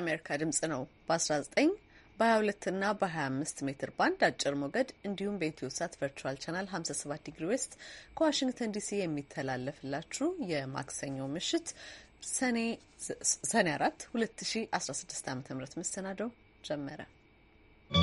የአሜሪካ ድምጽ ነው። በ19 በ22 እና በ25 ሜትር ባንድ አጭር ሞገድ እንዲሁም በኢትዮ ሳት ቨርቹዋል ቻናል 57 ዲግሪ ዌስት ከዋሽንግተን ዲሲ የሚተላለፍላችሁ የማክሰኞ ምሽት ሰኔ 4 2016 ዓ ም መሰናደው ጀመረ። ¶¶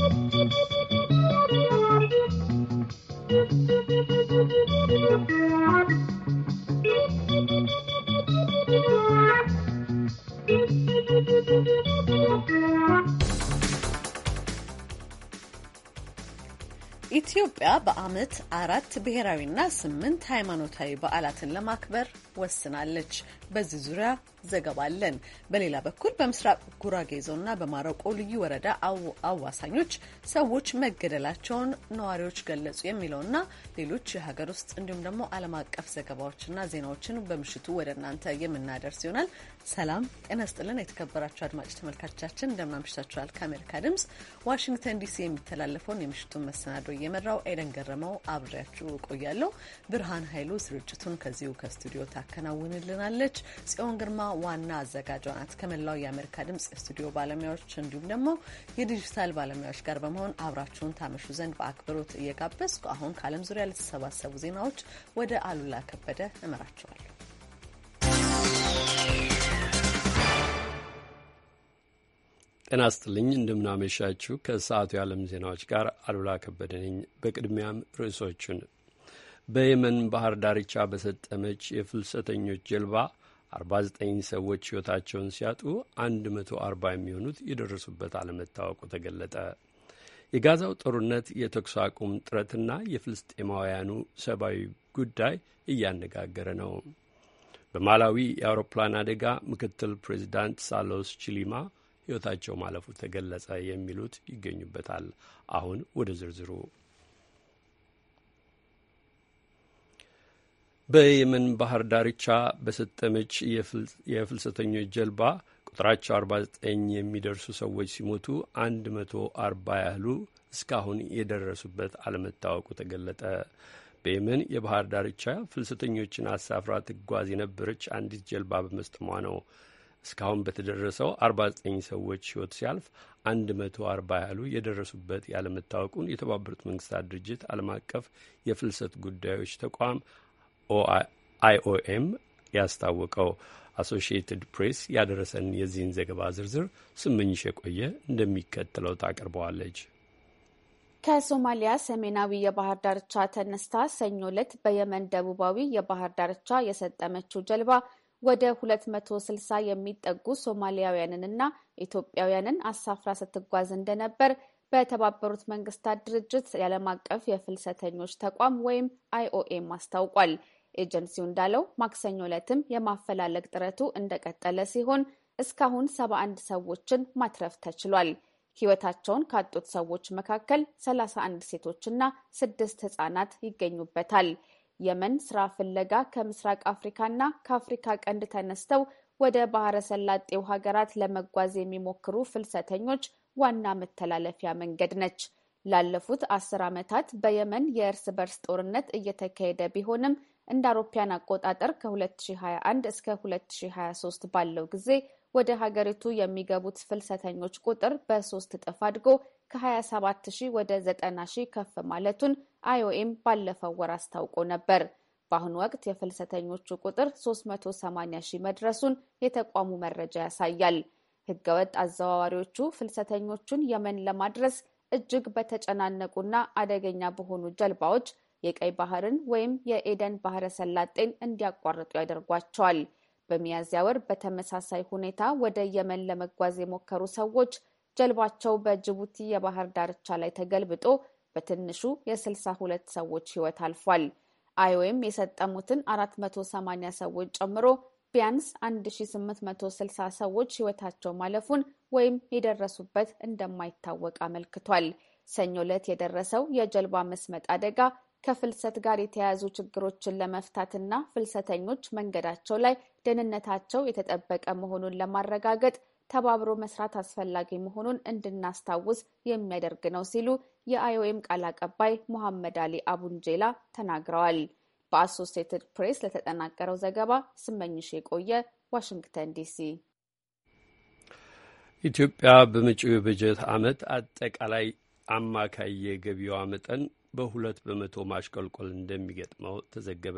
ኢትዮጵያ በዓመት አራት ብሔራዊና ስምንት ሃይማኖታዊ በዓላትን ለማክበር ወስናለች። በዚህ ዙሪያ ዘገባ አለን። በሌላ በኩል በምስራቅ ጉራጌ ዞንና በማረቆ ልዩ ወረዳ አዋሳኞች ሰዎች መገደላቸውን ነዋሪዎች ገለጹ የሚለውና ሌሎች የሀገር ውስጥ እንዲሁም ደግሞ ዓለም አቀፍ ዘገባዎችና ዜናዎችን በምሽቱ ወደ እናንተ የምናደርስ ይሆናል። ሰላም ጤና ስጥልን። የተከበራችሁ አድማጭ ተመልካቾቻችን እንደምናምሽታችኋል። ከአሜሪካ ድምጽ ዋሽንግተን ዲሲ የሚተላለፈውን የምሽቱን መሰናዶ እየመራው ኤደን ገረመው አብሬያችሁ እቆያለሁ። ብርሃን ኃይሉ ስርጭቱን ከዚሁ ከስቱዲዮ ታ ታከናውንልናለች። ጽዮን ግርማ ዋና አዘጋጇ ናት። ከመላው የአሜሪካ ድምጽ የስቱዲዮ ባለሙያዎች እንዲሁም ደግሞ የዲጂታል ባለሙያዎች ጋር በመሆን አብራችሁን ታመሹ ዘንድ በአክብሮት እየጋበዝኩ አሁን ከዓለም ዙሪያ ለተሰባሰቡ ዜናዎች ወደ አሉላ ከበደ እመራቸዋለሁ። ጤና ስጥልኝ እንደምናመሻችሁ። ከሰዓቱ የዓለም ዜናዎች ጋር አሉላ ከበደ ነኝ። በቅድሚያም ርዕሶቹን በየመን ባህር ዳርቻ በሰጠመች የፍልሰተኞች ጀልባ 49 ሰዎች ሕይወታቸውን ሲያጡ 140 የሚሆኑት የደረሱበት አለመታወቁ ተገለጠ። የጋዛው ጦርነት የተኩስ አቁም ጥረትና የፍልስጤማውያኑ ሰብአዊ ጉዳይ እያነጋገረ ነው። በማላዊ የአውሮፕላን አደጋ ምክትል ፕሬዚዳንት ሳሎስ ቺሊማ ሕይወታቸው ማለፉ ተገለጸ። የሚሉት ይገኙበታል። አሁን ወደ ዝርዝሩ በየመን ባህር ዳርቻ በሰጠመች የፍልሰተኞች ጀልባ ቁጥራቸው 49 የሚደርሱ ሰዎች ሲሞቱ 140 ያህሉ እስካሁን የደረሱበት አለመታወቁ ተገለጠ። በየመን የባህር ዳርቻ ፍልሰተኞችን አሳፍራ ትጓዝ የነበረች አንዲት ጀልባ በመስጠሟ ነው። እስካሁን በተደረሰው 49 ሰዎች ሕይወት ሲያልፍ 140 ያህሉ የደረሱበት ያለመታወቁን የተባበሩት መንግስታት ድርጅት ዓለም አቀፍ የፍልሰት ጉዳዮች ተቋም አይኦኤም ያስታወቀው። አሶሺየትድ ፕሬስ ያደረሰን የዚህን ዘገባ ዝርዝር ስምኝሽ የቆየ እንደሚከተለው ታቀርበዋለች። ከሶማሊያ ሰሜናዊ የባህር ዳርቻ ተነስታ ሰኞ ዕለት በየመን ደቡባዊ የባህር ዳርቻ የሰጠመችው ጀልባ ወደ 260 የሚጠጉ ሶማሊያውያንንና ኢትዮጵያውያንን አሳፍራ ስትጓዝ እንደነበር በተባበሩት መንግስታት ድርጅት የዓለም አቀፍ የፍልሰተኞች ተቋም ወይም አይኦኤም አስታውቋል። ኤጀንሲው እንዳለው ማክሰኞ ዕለትም የማፈላለግ ጥረቱ እንደቀጠለ ሲሆን እስካሁን ሰባ ሰዎችን ማትረፍ ተችሏል። ሕይወታቸውን ካጡት ሰዎች መካከል 31 ሴቶችና ስድስት ህጻናት ይገኙበታል። የመን ስራ ፍለጋ ከምስራቅ አፍሪካና ከአፍሪካ ቀንድ ተነስተው ወደ ባህረ ሰላጤው ሀገራት ለመጓዝ የሚሞክሩ ፍልሰተኞች ዋና መተላለፊያ መንገድ ነች። ላለፉት አስር ዓመታት በየመን የእርስ በርስ ጦርነት እየተካሄደ ቢሆንም እንደ አውሮፓያን አቆጣጠር ከ2021 እስከ 2023 ባለው ጊዜ ወደ ሀገሪቱ የሚገቡት ፍልሰተኞች ቁጥር በሶስት እጥፍ አድጎ ከ27 ሺህ ወደ 90 ሺህ ከፍ ማለቱን አይኦኤም ባለፈው ወር አስታውቆ ነበር። በአሁኑ ወቅት የፍልሰተኞቹ ቁጥር 380 ሺህ መድረሱን የተቋሙ መረጃ ያሳያል። ህገወጥ አዘዋዋሪዎቹ ፍልሰተኞቹን የመን ለማድረስ እጅግ በተጨናነቁና አደገኛ በሆኑ ጀልባዎች የቀይ ባህርን ወይም የኤደን ባህረ ሰላጤን እንዲያቋርጡ ያደርጓቸዋል። በሚያዝያ ወር በተመሳሳይ ሁኔታ ወደ የመን ለመጓዝ የሞከሩ ሰዎች ጀልባቸው በጅቡቲ የባህር ዳርቻ ላይ ተገልብጦ በትንሹ የ ሁለት ሰዎች ሕይወት አልፏል። አይኦኤም የሰጠሙትን 480 ሰዎች ጨምሮ ቢያንስ 1860 ሰዎች ህይወታቸው ማለፉን ወይም የደረሱበት እንደማይታወቅ አመልክቷል። ሰኞ ዕለት የደረሰው የጀልባ መስመጥ አደጋ ከፍልሰት ጋር የተያያዙ ችግሮችን ለመፍታትና ፍልሰተኞች መንገዳቸው ላይ ደህንነታቸው የተጠበቀ መሆኑን ለማረጋገጥ ተባብሮ መስራት አስፈላጊ መሆኑን እንድናስታውስ የሚያደርግ ነው ሲሉ የአይኦኤም ቃል አቀባይ ሞሐመድ አሊ አቡንጄላ ተናግረዋል። በአሶሴትድ ፕሬስ ለተጠናቀረው ዘገባ ስመኝሽ የቆየ ዋሽንግተን ዲሲ። ኢትዮጵያ በመጪው የበጀት ዓመት አጠቃላይ አማካይ የገቢዋ መጠን በሁለት በመቶ ማሽቆልቆል እንደሚገጥመው ተዘገበ።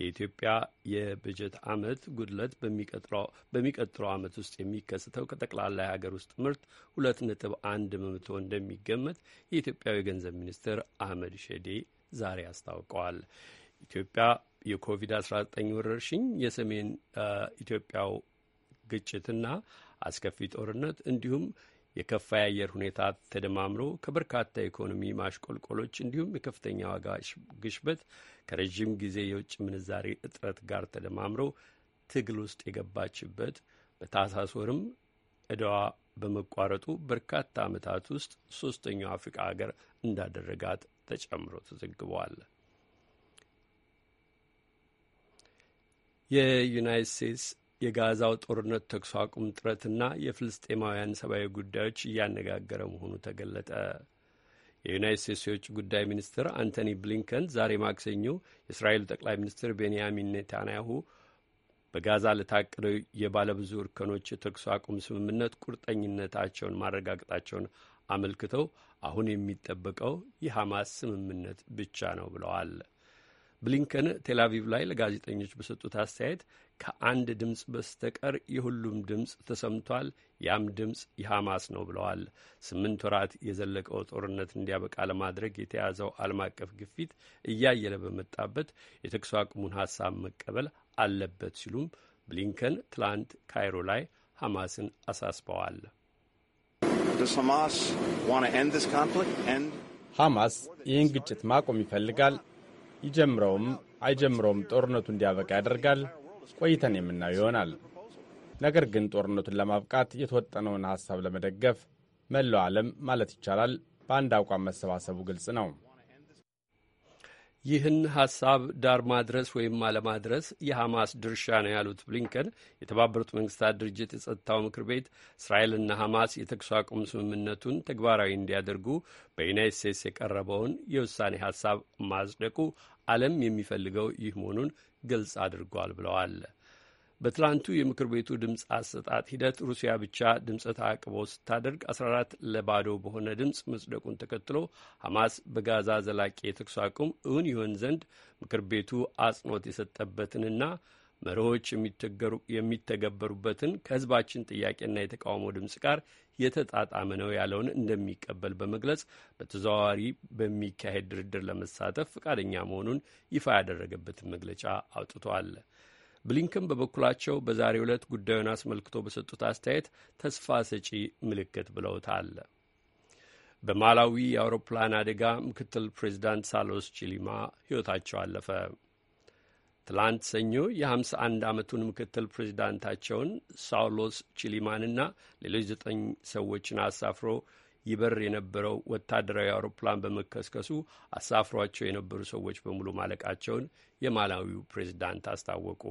የኢትዮጵያ የበጀት ዓመት ጉድለት በሚቀጥለው ዓመት ውስጥ የሚከሰተው ከጠቅላላ የሀገር ውስጥ ምርት ሁለት ነጥብ አንድ በመቶ እንደሚገመት የኢትዮጵያው የገንዘብ ሚኒስትር አህመድ ሸዴ ዛሬ አስታውቀዋል። ኢትዮጵያ የኮቪድ-19 ወረርሽኝ የሰሜን ኢትዮጵያው ግጭትና አስከፊ ጦርነት እንዲሁም የከፋ የአየር ሁኔታ ተደማምሮ ከበርካታ የኢኮኖሚ ማሽቆልቆሎች እንዲሁም የከፍተኛ ዋጋ ግሽበት ከረዥም ጊዜ የውጭ ምንዛሬ እጥረት ጋር ተደማምሮ ትግል ውስጥ የገባችበት በታህሳስ ወርም በመቋረጡ በርካታ ዓመታት ውስጥ ሶስተኛው አፍሪካ ሀገር እንዳደረጋት ተጨምሮ ተዘግበዋል። የዩናይት ስቴትስ የጋዛው ጦርነት ተኩስ አቁም ጥረትና የፍልስጤማውያን ሰብአዊ ጉዳዮች እያነጋገረ መሆኑ ተገለጠ። የዩናይት ስቴትስ የውጭ ጉዳይ ሚኒስትር አንቶኒ ብሊንከን ዛሬ ማክሰኞ የእስራኤሉ ጠቅላይ ሚኒስትር ቤንያሚን ኔታንያሁ በጋዛ ለታቀደው የባለብዙ እርከኖች የተኩስ አቁም ስምምነት ቁርጠኝነታቸውን ማረጋገጣቸውን አመልክተው አሁን የሚጠበቀው የሐማስ ስምምነት ብቻ ነው ብለዋል። ብሊንከን ቴል ላይ ለጋዜጠኞች በሰጡት አስተያየት ከአንድ ድምፅ በስተቀር የሁሉም ድምፅ ተሰምቷል፣ ያም ድምፅ የሐማስ ነው ብለዋል። ስምንት ወራት የዘለቀው ጦርነት እንዲያበቃ ለማድረግ የተያዘው ዓለም አቀፍ ግፊት እያየለ በመጣበት የተኩስ አቁሙን ሀሳብ መቀበል አለበት ሲሉም ብሊንከን ትላንት ካይሮ ላይ ሐማስን አሳስበዋል። ሐማስ ይህን ግጭት ማቆም ይፈልጋል። ይጀምረውም አይጀምረውም ጦርነቱ እንዲያበቃ ያደርጋል ቆይተን የምናየው ይሆናል። ነገር ግን ጦርነቱን ለማብቃት የተወጠነውን ሐሳብ ለመደገፍ መላው ዓለም ማለት ይቻላል በአንድ አቋም መሰባሰቡ ግልጽ ነው። ይህን ሀሳብ ዳር ማድረስ ወይም አለማድረስ የሐማስ ድርሻ ነው ያሉት ብሊንከን የተባበሩት መንግስታት ድርጅት የጸጥታው ምክር ቤት እስራኤልና ሐማስ የተኩስ አቁም ስምምነቱን ተግባራዊ እንዲያደርጉ በዩናይት ስቴትስ የቀረበውን የውሳኔ ሀሳብ ማጽደቁ ዓለም የሚፈልገው ይህ መሆኑን ግልጽ አድርጓል ብለዋል። በትላንቱ የምክር ቤቱ ድምፅ አሰጣጥ ሂደት ሩሲያ ብቻ ድምፅ ተአቅቦ ስታደርግ 14 ለባዶ በሆነ ድምፅ መጽደቁን ተከትሎ ሐማስ በጋዛ ዘላቂ የተኩስ አቁም እውን ይሆን ዘንድ ምክር ቤቱ አጽንኦት የሰጠበትንና መርሆች የሚተገበሩበትን ከህዝባችን ጥያቄና የተቃውሞ ድምፅ ጋር የተጣጣመ ነው ያለውን እንደሚቀበል በመግለጽ በተዘዋዋሪ በሚካሄድ ድርድር ለመሳተፍ ፈቃደኛ መሆኑን ይፋ ያደረገበትን መግለጫ አውጥቷል። ብሊንከን በበኩላቸው በዛሬ ዕለት ጉዳዩን አስመልክቶ በሰጡት አስተያየት ተስፋ ሰጪ ምልክት ብለውታል። በማላዊ የአውሮፕላን አደጋ ምክትል ፕሬዚዳንት ሳሎስ ቺሊማ ሕይወታቸው አለፈ። ትላንት ሰኞ የ51 ዓመቱን ምክትል ፕሬዚዳንታቸውን ሳውሎስ ቺሊማንና ሌሎች ዘጠኝ ሰዎችን አሳፍሮ ይበር የነበረው ወታደራዊ አውሮፕላን በመከስከሱ አሳፍሯቸው የነበሩ ሰዎች በሙሉ ማለቃቸውን የማላዊው ፕሬዚዳንት አስታወቁ።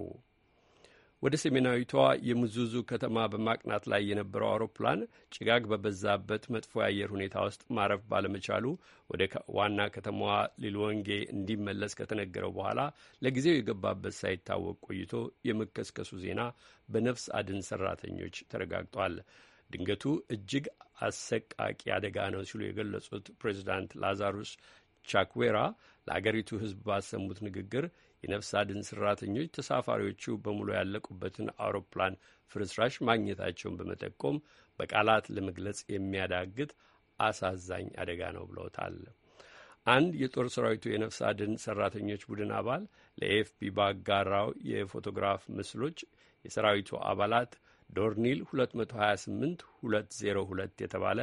ወደ ሰሜናዊቷ የሙዙዙ ከተማ በማቅናት ላይ የነበረው አውሮፕላን ጭጋግ በበዛበት መጥፎ የአየር ሁኔታ ውስጥ ማረፍ ባለመቻሉ ወደ ዋና ከተማዋ ሊልወንጌ እንዲመለስ ከተነገረው በኋላ ለጊዜው የገባበት ሳይታወቅ ቆይቶ የመከስከሱ ዜና በነፍስ አድን ሰራተኞች ተረጋግጧል። ድንገቱ እጅግ አሰቃቂ አደጋ ነው ሲሉ የገለጹት ፕሬዚዳንት ላዛሩስ ቻክዌራ ለአገሪቱ ሕዝብ ባሰሙት ንግግር የነፍስ አድን ሰራተኞች ተሳፋሪዎቹ በሙሉ ያለቁበትን አውሮፕላን ፍርስራሽ ማግኘታቸውን በመጠቆም በቃላት ለመግለጽ የሚያዳግት አሳዛኝ አደጋ ነው ብለውታል። አንድ የጦር ሰራዊቱ የነፍስ አድን ሰራተኞች ቡድን አባል ለኤኤፍፒ ባጋራው የፎቶግራፍ ምስሎች የሰራዊቱ አባላት ዶርኒል 228202 የተባለ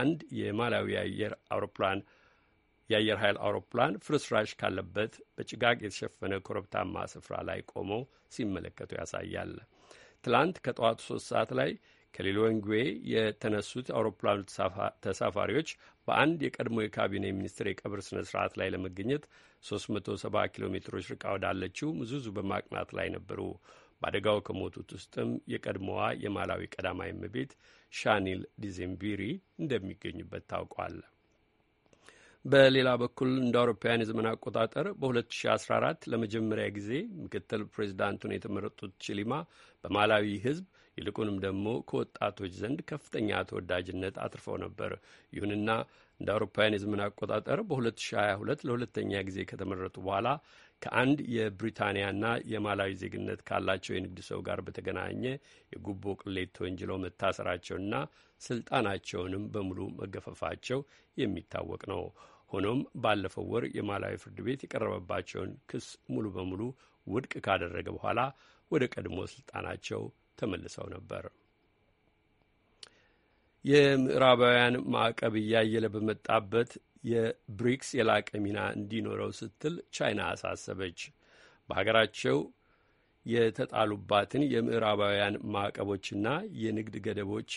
አንድ የማላዊ አየር አውሮፕላን የአየር ኃይል አውሮፕላን ፍርስራሽ ካለበት በጭጋግ የተሸፈነ ኮረብታማ ስፍራ ላይ ቆመው ሲመለከቱ ያሳያል። ትላንት ከጠዋቱ ሶስት ሰዓት ላይ ከሊሎንግዌ የተነሱት አውሮፕላኑ ተሳፋሪዎች በአንድ የቀድሞ የካቢኔ ሚኒስትር የቀብር ስነ ስርዓት ላይ ለመገኘት 370 ኪሎ ሜትሮች ርቃ ወዳለችው ምዙዙ በማቅናት ላይ ነበሩ። በአደጋው ከሞቱት ውስጥም የቀድሞዋ የማላዊ ቀዳማዊ እመቤት ሻኒል ዲዜምቢሪ እንደሚገኙበት ታውቋል። በሌላ በኩል እንደ አውሮፓውያን የዘመን አቆጣጠር በ2014 ለመጀመሪያ ጊዜ ምክትል ፕሬዚዳንቱን የተመረጡት ቺሊማ በማላዊ ሕዝብ ይልቁንም ደግሞ ከወጣቶች ዘንድ ከፍተኛ ተወዳጅነት አትርፈው ነበር። ይሁንና እንደ አውሮፓውያን የዘመን አቆጣጠር በ2022 ለሁለተኛ ጊዜ ከተመረጡ በኋላ ከአንድ የብሪታንያና የማላዊ ዜግነት ካላቸው የንግድ ሰው ጋር በተገናኘ የጉቦ ቅሌት ተወንጅለው መታሰራቸውና ስልጣናቸውንም በሙሉ መገፈፋቸው የሚታወቅ ነው። ሆኖም ባለፈው ወር የማላዊ ፍርድ ቤት የቀረበባቸውን ክስ ሙሉ በሙሉ ውድቅ ካደረገ በኋላ ወደ ቀድሞ ስልጣናቸው ተመልሰው ነበር። የምዕራባውያን ማዕቀብ እያየለ በመጣበት የብሪክስ የላቀ ሚና እንዲኖረው ስትል ቻይና አሳሰበች። በሀገራቸው የተጣሉባትን የምዕራባውያን ማዕቀቦችና የንግድ ገደቦች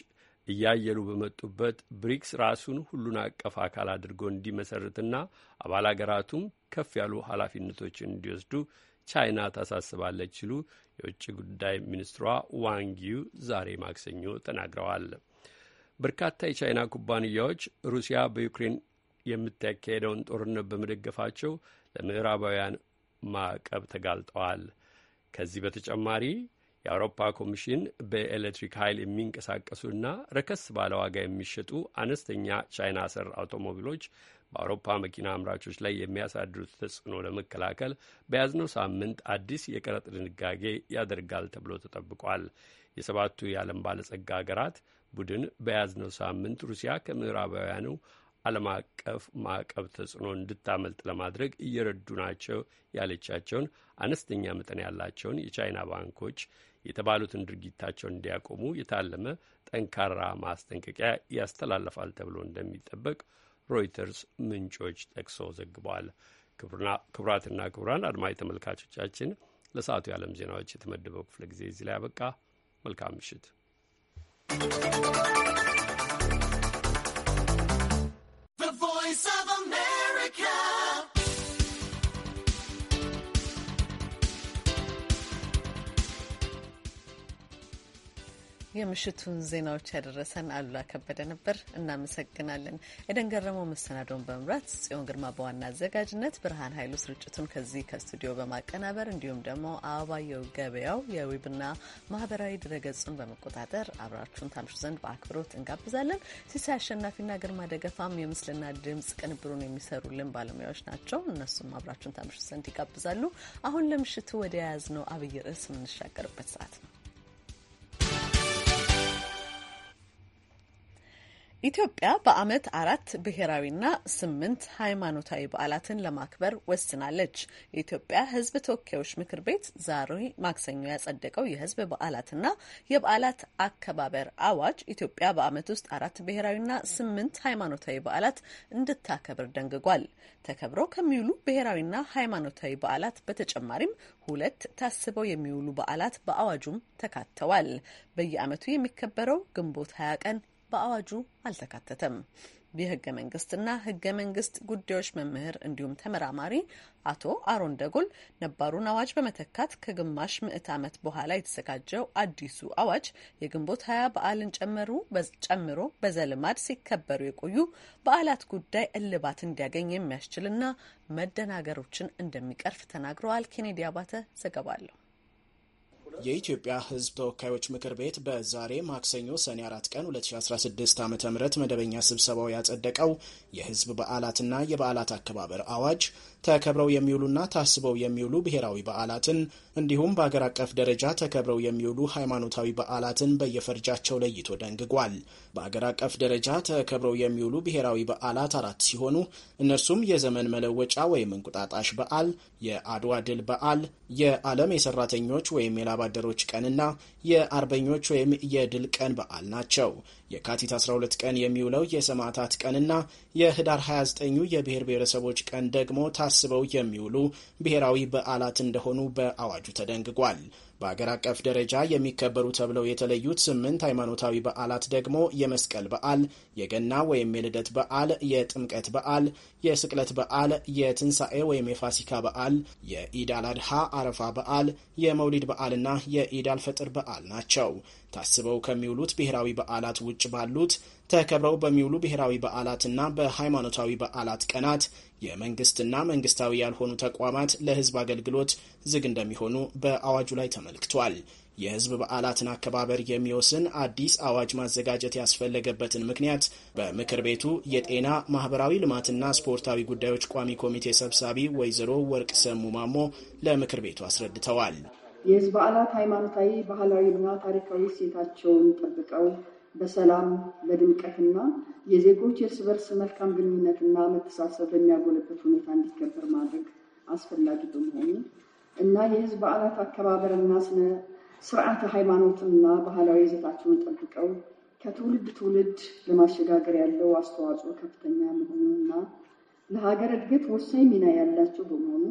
እያየሉ በመጡበት ብሪክስ ራሱን ሁሉን አቀፍ አካል አድርጎ እንዲመሰርትና አባል አገራቱም ከፍ ያሉ ኃላፊነቶችን እንዲወስዱ ቻይና ታሳስባለች ሲሉ የውጭ ጉዳይ ሚኒስትሯ ዋንጊው ዛሬ ማክሰኞ ተናግረዋል። በርካታ የቻይና ኩባንያዎች ሩሲያ በዩክሬን የምታካሄደውን ጦርነት በመደገፋቸው ለምዕራባውያን ማዕቀብ ተጋልጠዋል። ከዚህ በተጨማሪ የአውሮፓ ኮሚሽን በኤሌክትሪክ ኃይል የሚንቀሳቀሱና ረከስ ባለ ዋጋ የሚሸጡ አነስተኛ ቻይና ሰር አውቶሞቢሎች በአውሮፓ መኪና አምራቾች ላይ የሚያሳድሩት ተጽዕኖ ለመከላከል በያዝነው ሳምንት አዲስ የቀረጥ ድንጋጌ ያደርጋል ተብሎ ተጠብቋል። የሰባቱ የዓለም ባለጸጋ ሀገራት ቡድን በያዝነው ሳምንት ሩሲያ ከምዕራባውያኑ ዓለም አቀፍ ማዕቀብ ተጽዕኖ እንድታመልጥ ለማድረግ እየረዱ ናቸው ያለቻቸውን አነስተኛ መጠን ያላቸውን የቻይና ባንኮች የተባሉትን ድርጊታቸውን እንዲያቆሙ የታለመ ጠንካራ ማስጠንቀቂያ ያስተላልፋል ተብሎ እንደሚጠበቅ ሮይተርስ ምንጮች ጠቅሶ ዘግበዋል። ክቡራትና ክቡራን አድማጭ ተመልካቾቻችን ለሰዓቱ የዓለም ዜናዎች የተመደበው ክፍለ ጊዜ እዚህ ላይ ያበቃ። መልካም ምሽት። የምሽቱን ዜናዎች ያደረሰን አሉላ ከበደ ነበር። እናመሰግናለን። ኤደን ገረመው መሰናዶውን በመምራት ጽዮን ግርማ በዋና አዘጋጅነት፣ ብርሃን ኃይሉ ስርጭቱን ከዚህ ከስቱዲዮ በማቀናበር እንዲሁም ደግሞ አበባየው ገበያው የዌብና ማህበራዊ ድረገጹን በመቆጣጠር አብራችሁን ታምሹ ዘንድ በአክብሮት እንጋብዛለን። ሲሳይ አሸናፊና ግርማ ደገፋም የምስልና ድምጽ ቅንብሩን የሚሰሩልን ባለሙያዎች ናቸው። እነሱም አብራችሁን ታምሹ ዘንድ ይጋብዛሉ። አሁን ለምሽቱ ወደ ያዝነው አብይ ርዕስ የምንሻገርበት ሰዓት ነው። ኢትዮጵያ በዓመት አራት ብሔራዊና ስምንት ሃይማኖታዊ በዓላትን ለማክበር ወስናለች። የኢትዮጵያ ሕዝብ ተወካዮች ምክር ቤት ዛሬ ማክሰኞ ያጸደቀው የሕዝብ በዓላትና የበዓላት አከባበር አዋጅ ኢትዮጵያ በዓመት ውስጥ አራት ብሔራዊና ስምንት ሃይማኖታዊ በዓላት እንድታከብር ደንግጓል። ተከብረው ከሚውሉ ብሔራዊና ሃይማኖታዊ በዓላት በተጨማሪም ሁለት ታስበው የሚውሉ በዓላት በአዋጁም ተካተዋል። በየዓመቱ የሚከበረው ግንቦት ሀያ ቀን በአዋጁ አልተካተተም። የህገ መንግስትና ህገ መንግስት ጉዳዮች መምህር እንዲሁም ተመራማሪ አቶ አሮን ደጎል ነባሩን አዋጅ በመተካት ከግማሽ ምዕት ዓመት በኋላ የተዘጋጀው አዲሱ አዋጅ የግንቦት ሀያ በዓልን ጨምሩ ጨምሮ በዘልማድ ሲከበሩ የቆዩ በዓላት ጉዳይ እልባት እንዲያገኝ የሚያስችልና መደናገሮችን እንደሚቀርፍ ተናግረዋል። ኬኔዲ አባተ ዘገባ የኢትዮጵያ ሕዝብ ተወካዮች ምክር ቤት በዛሬ ማክሰኞ ሰኔ 4 ቀን 2016 ዓ ም መደበኛ ስብሰባው ያጸደቀው የሕዝብ በዓላትና የበዓላት አከባበር አዋጅ ተከብረው የሚውሉና ታስበው የሚውሉ ብሔራዊ በዓላትን እንዲሁም በአገር አቀፍ ደረጃ ተከብረው የሚውሉ ሃይማኖታዊ በዓላትን በየፈርጃቸው ለይቶ ደንግጓል። በአገር አቀፍ ደረጃ ተከብረው የሚውሉ ብሔራዊ በዓላት አራት ሲሆኑ እነርሱም የዘመን መለወጫ ወይም እንቁጣጣሽ በዓል፣ የአድዋ ድል በዓል፣ የዓለም የሰራተኞች ወይም የላባደሮች ቀንና የአርበኞች ወይም የድል ቀን በዓል ናቸው። የካቲት 12 ቀን የሚውለው የሰማዕታት ቀንና የህዳር 29ኙ የብሔር ብሔረሰቦች ቀን ደግሞ ታስበው የሚውሉ ብሔራዊ በዓላት እንደሆኑ በአዋጁ ተደንግጓል። በአገር አቀፍ ደረጃ የሚከበሩ ተብለው የተለዩት ስምንት ሃይማኖታዊ በዓላት ደግሞ የመስቀል በዓል፣ የገና ወይም የልደት በዓል፣ የጥምቀት በዓል፣ የስቅለት በዓል፣ የትንሣኤ ወይም የፋሲካ በዓል፣ የኢዳል አድሃ አረፋ በዓል፣ የመውሊድ በዓልና የኢዳል ፈጥር በዓል ናቸው። ታስበው ከሚውሉት ብሔራዊ በዓላት ውጭ ባሉት ተከብረው በሚውሉ ብሔራዊ በዓላትና በሃይማኖታዊ በዓላት ቀናት የመንግስትና መንግስታዊ ያልሆኑ ተቋማት ለህዝብ አገልግሎት ዝግ እንደሚሆኑ በአዋጁ ላይ ተመልክቷል። የህዝብ በዓላትን አከባበር የሚወስን አዲስ አዋጅ ማዘጋጀት ያስፈለገበትን ምክንያት በምክር ቤቱ የጤና ማህበራዊ ልማትና ስፖርታዊ ጉዳዮች ቋሚ ኮሚቴ ሰብሳቢ ወይዘሮ ወርቅ ሰሙ ማሞ ለምክር ቤቱ አስረድተዋል። የህዝብ በዓላት ሃይማኖታዊ፣ ባህላዊና ታሪካዊ ሴታቸውን ጠብቀው በሰላም በድምቀትና የዜጎች የእርስ በርስ መልካም ግንኙነትና መተሳሰብ በሚያጎለበት ሁኔታ እንዲከበር ማድረግ አስፈላጊ በመሆኑ እና የህዝብ በዓላት አከባበርና ስነ ስርዓተ ሃይማኖትና ባህላዊ ይዘታቸውን ጠብቀው ከትውልድ ትውልድ ለማሸጋገር ያለው አስተዋጽኦ ከፍተኛ መሆኑና ለሀገር እድገት ወሳኝ ሚና ያላቸው በመሆኑ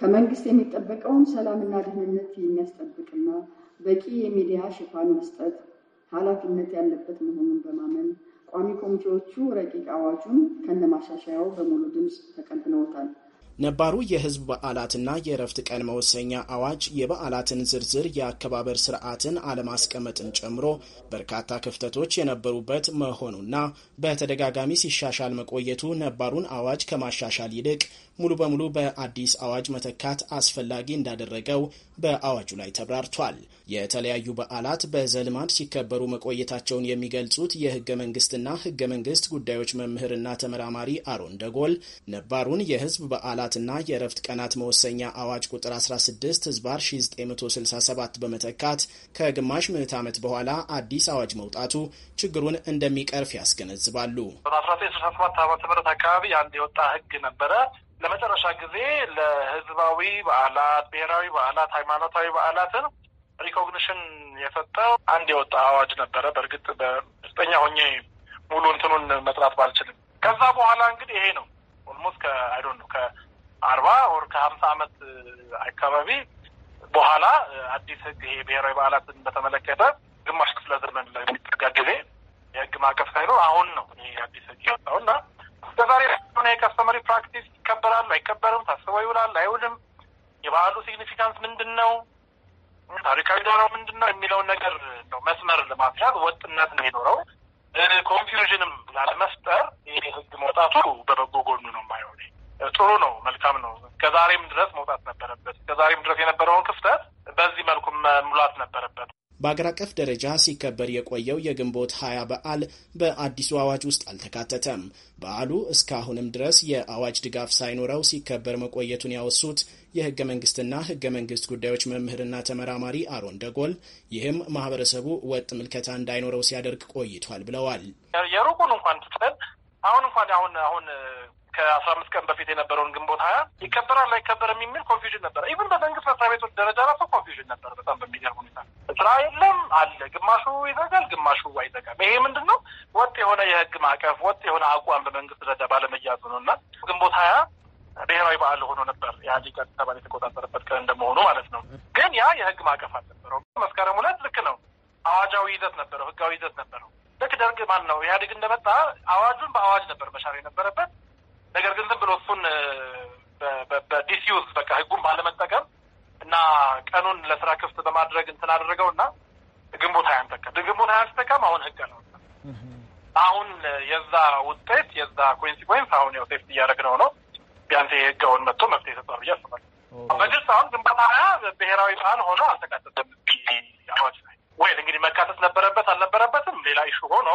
ከመንግስት የሚጠበቀውን ሰላምና ደህንነት የሚያስጠብቅና በቂ የሚዲያ ሽፋን መስጠት ኃላፊነት ያለበት መሆኑን በማመን ቋሚ ኮሚቴዎቹ ረቂቅ አዋጁን ከነማሻሻያው በሙሉ ድምፅ ተቀብለውታል። ነባሩ የህዝብ በዓላትና የእረፍት ቀን መወሰኛ አዋጅ የበዓላትን ዝርዝር የአከባበር ስርዓትን አለማስቀመጥን ጨምሮ በርካታ ክፍተቶች የነበሩበት መሆኑና በተደጋጋሚ ሲሻሻል መቆየቱ ነባሩን አዋጅ ከማሻሻል ይልቅ ሙሉ በሙሉ በአዲስ አዋጅ መተካት አስፈላጊ እንዳደረገው በአዋጁ ላይ ተብራርቷል። የተለያዩ በዓላት በዘልማድ ሲከበሩ መቆየታቸውን የሚገልጹት የህገ መንግስትና ህገ መንግስት ጉዳዮች መምህርና ተመራማሪ አሮን ደጎል ነባሩን የህዝብ በዓላት ወራትና የእረፍት ቀናት መወሰኛ አዋጅ ቁጥር 16 ህዝባር 1967 በመተካት ከግማሽ ምዕት ዓመት በኋላ አዲስ አዋጅ መውጣቱ ችግሩን እንደሚቀርፍ ያስገነዝባሉ። በ1967 ዓመተ አካባቢ አንድ የወጣ ህግ ነበረ። ለመጨረሻ ጊዜ ለህዝባዊ በዓላት፣ ብሔራዊ በዓላት፣ ሃይማኖታዊ በዓላትን ሪኮግኒሽን የሰጠው አንድ የወጣ አዋጅ ነበረ። በእርግጥ በእርግጠኛ ሆኜ ሙሉ እንትኑን መጥራት ባልችልም ከዛ በኋላ እንግዲህ ይሄ ነው ኦልሞስት ከአይዶን ነው አርባ ወር ከሀምሳ ዓመት አካባቢ በኋላ አዲስ ህግ ይሄ ብሔራዊ በዓላትን በተመለከተ ግማሽ ክፍለ ዘመን ላይ የሚጠጋ ጊዜ የህግ ማዕቀፍ ሳይኖር አሁን ነው ይሄ አዲስ ህግ የወጣው እና እስከዛሬ ሆነ የከስተመሪ ፕራክቲስ ይከበራል አይከበርም፣ ታስበው ይውላል አይውልም፣ የበዓሉ ሲግኒፊካንስ ምንድን ነው፣ ታሪካዊ ዳራው ምንድን ነው የሚለውን ነገር ነው መስመር ለማስያዝ ወጥነት የኖረው። ኮንፊውዥንም ላለመፍጠር ይህ ህግ መውጣቱ በበጎ ጎኑ ነው የማይሆን ጥሩ ነው፣ መልካም ነው። ከዛሬም ድረስ መውጣት ነበረበት። ከዛሬም ድረስ የነበረውን ክፍተት በዚህ መልኩ መሙላት ነበረበት። በአገር አቀፍ ደረጃ ሲከበር የቆየው የግንቦት ሀያ በዓል በአዲሱ አዋጅ ውስጥ አልተካተተም። በዓሉ እስካሁንም ድረስ የአዋጅ ድጋፍ ሳይኖረው ሲከበር መቆየቱን ያወሱት የህገ መንግስትና ህገ መንግስት ጉዳዮች መምህርና ተመራማሪ አሮን ደጎል ይህም ማህበረሰቡ ወጥ ምልከታ እንዳይኖረው ሲያደርግ ቆይቷል ብለዋል። የሩቁን እንኳን ትተን አሁን እንኳን አሁን አሁን ከአስራ አምስት ቀን በፊት የነበረውን ግንቦት ሀያ ይከበራል አይከበርም የሚል ኮንፊውዥን ነበረ። ኢቨን በመንግስት መስሪያ ቤቶች ደረጃ ራሱ ኮንፊውዥን ነበር። በጣም በሚገርም ሁኔታ ስራ የለም አለ፣ ግማሹ ይዘጋል፣ ግማሹ አይዘጋም። ይሄ ምንድን ነው? ወጥ የሆነ የህግ ማዕቀፍ ወጥ የሆነ አቋም በመንግስት ደረጃ ባለመያዙ ነው እና ግንቦት ሀያ ብሔራዊ በዓል ሆኖ ነበር ኢህአዴግ አዲስ አበባን የተቆጣጠረበት ቀን እንደመሆኑ ማለት ነው። ግን ያ የህግ ማዕቀፍ አልነበረው። መስከረም ሁለት ልክ ነው አዋጃዊ ይዘት ነበረው፣ ህጋዊ ይዘት ነበረው። ልክ ደርግ ማን ነው ኢህአዴግ እንደመጣ አዋጁን በአዋጅ ነበር መሻር የነበረበት ነገር ግን ዝም ብሎ እሱን በዲስዩዝ በቃ ህጉን ባለመጠቀም እና ቀኑን ለስራ ክፍት በማድረግ እንትን አደረገው እና ግንቦት ሀያን ተካ ግንቦት ሀያን ሲጠቀም አሁን ህግ ነው። አሁን የዛ ውጤት የዛ ኮንሲኮንስ አሁን ያው ሴፍቲ እያደረግ ነው። ነው ቢያንስ የህጋውን መጥቶ መፍትሄ ሰጠ ብዬ አስባለሁ። በግልጽ አሁን ግንቦት ሀያ ብሔራዊ በዓል ሆኖ አልተካተተም አዋጅ ላይ ወይ እንግዲህ መካተት ነበረበት አልነበረበትም ሌላ ኢሹ ሆኖ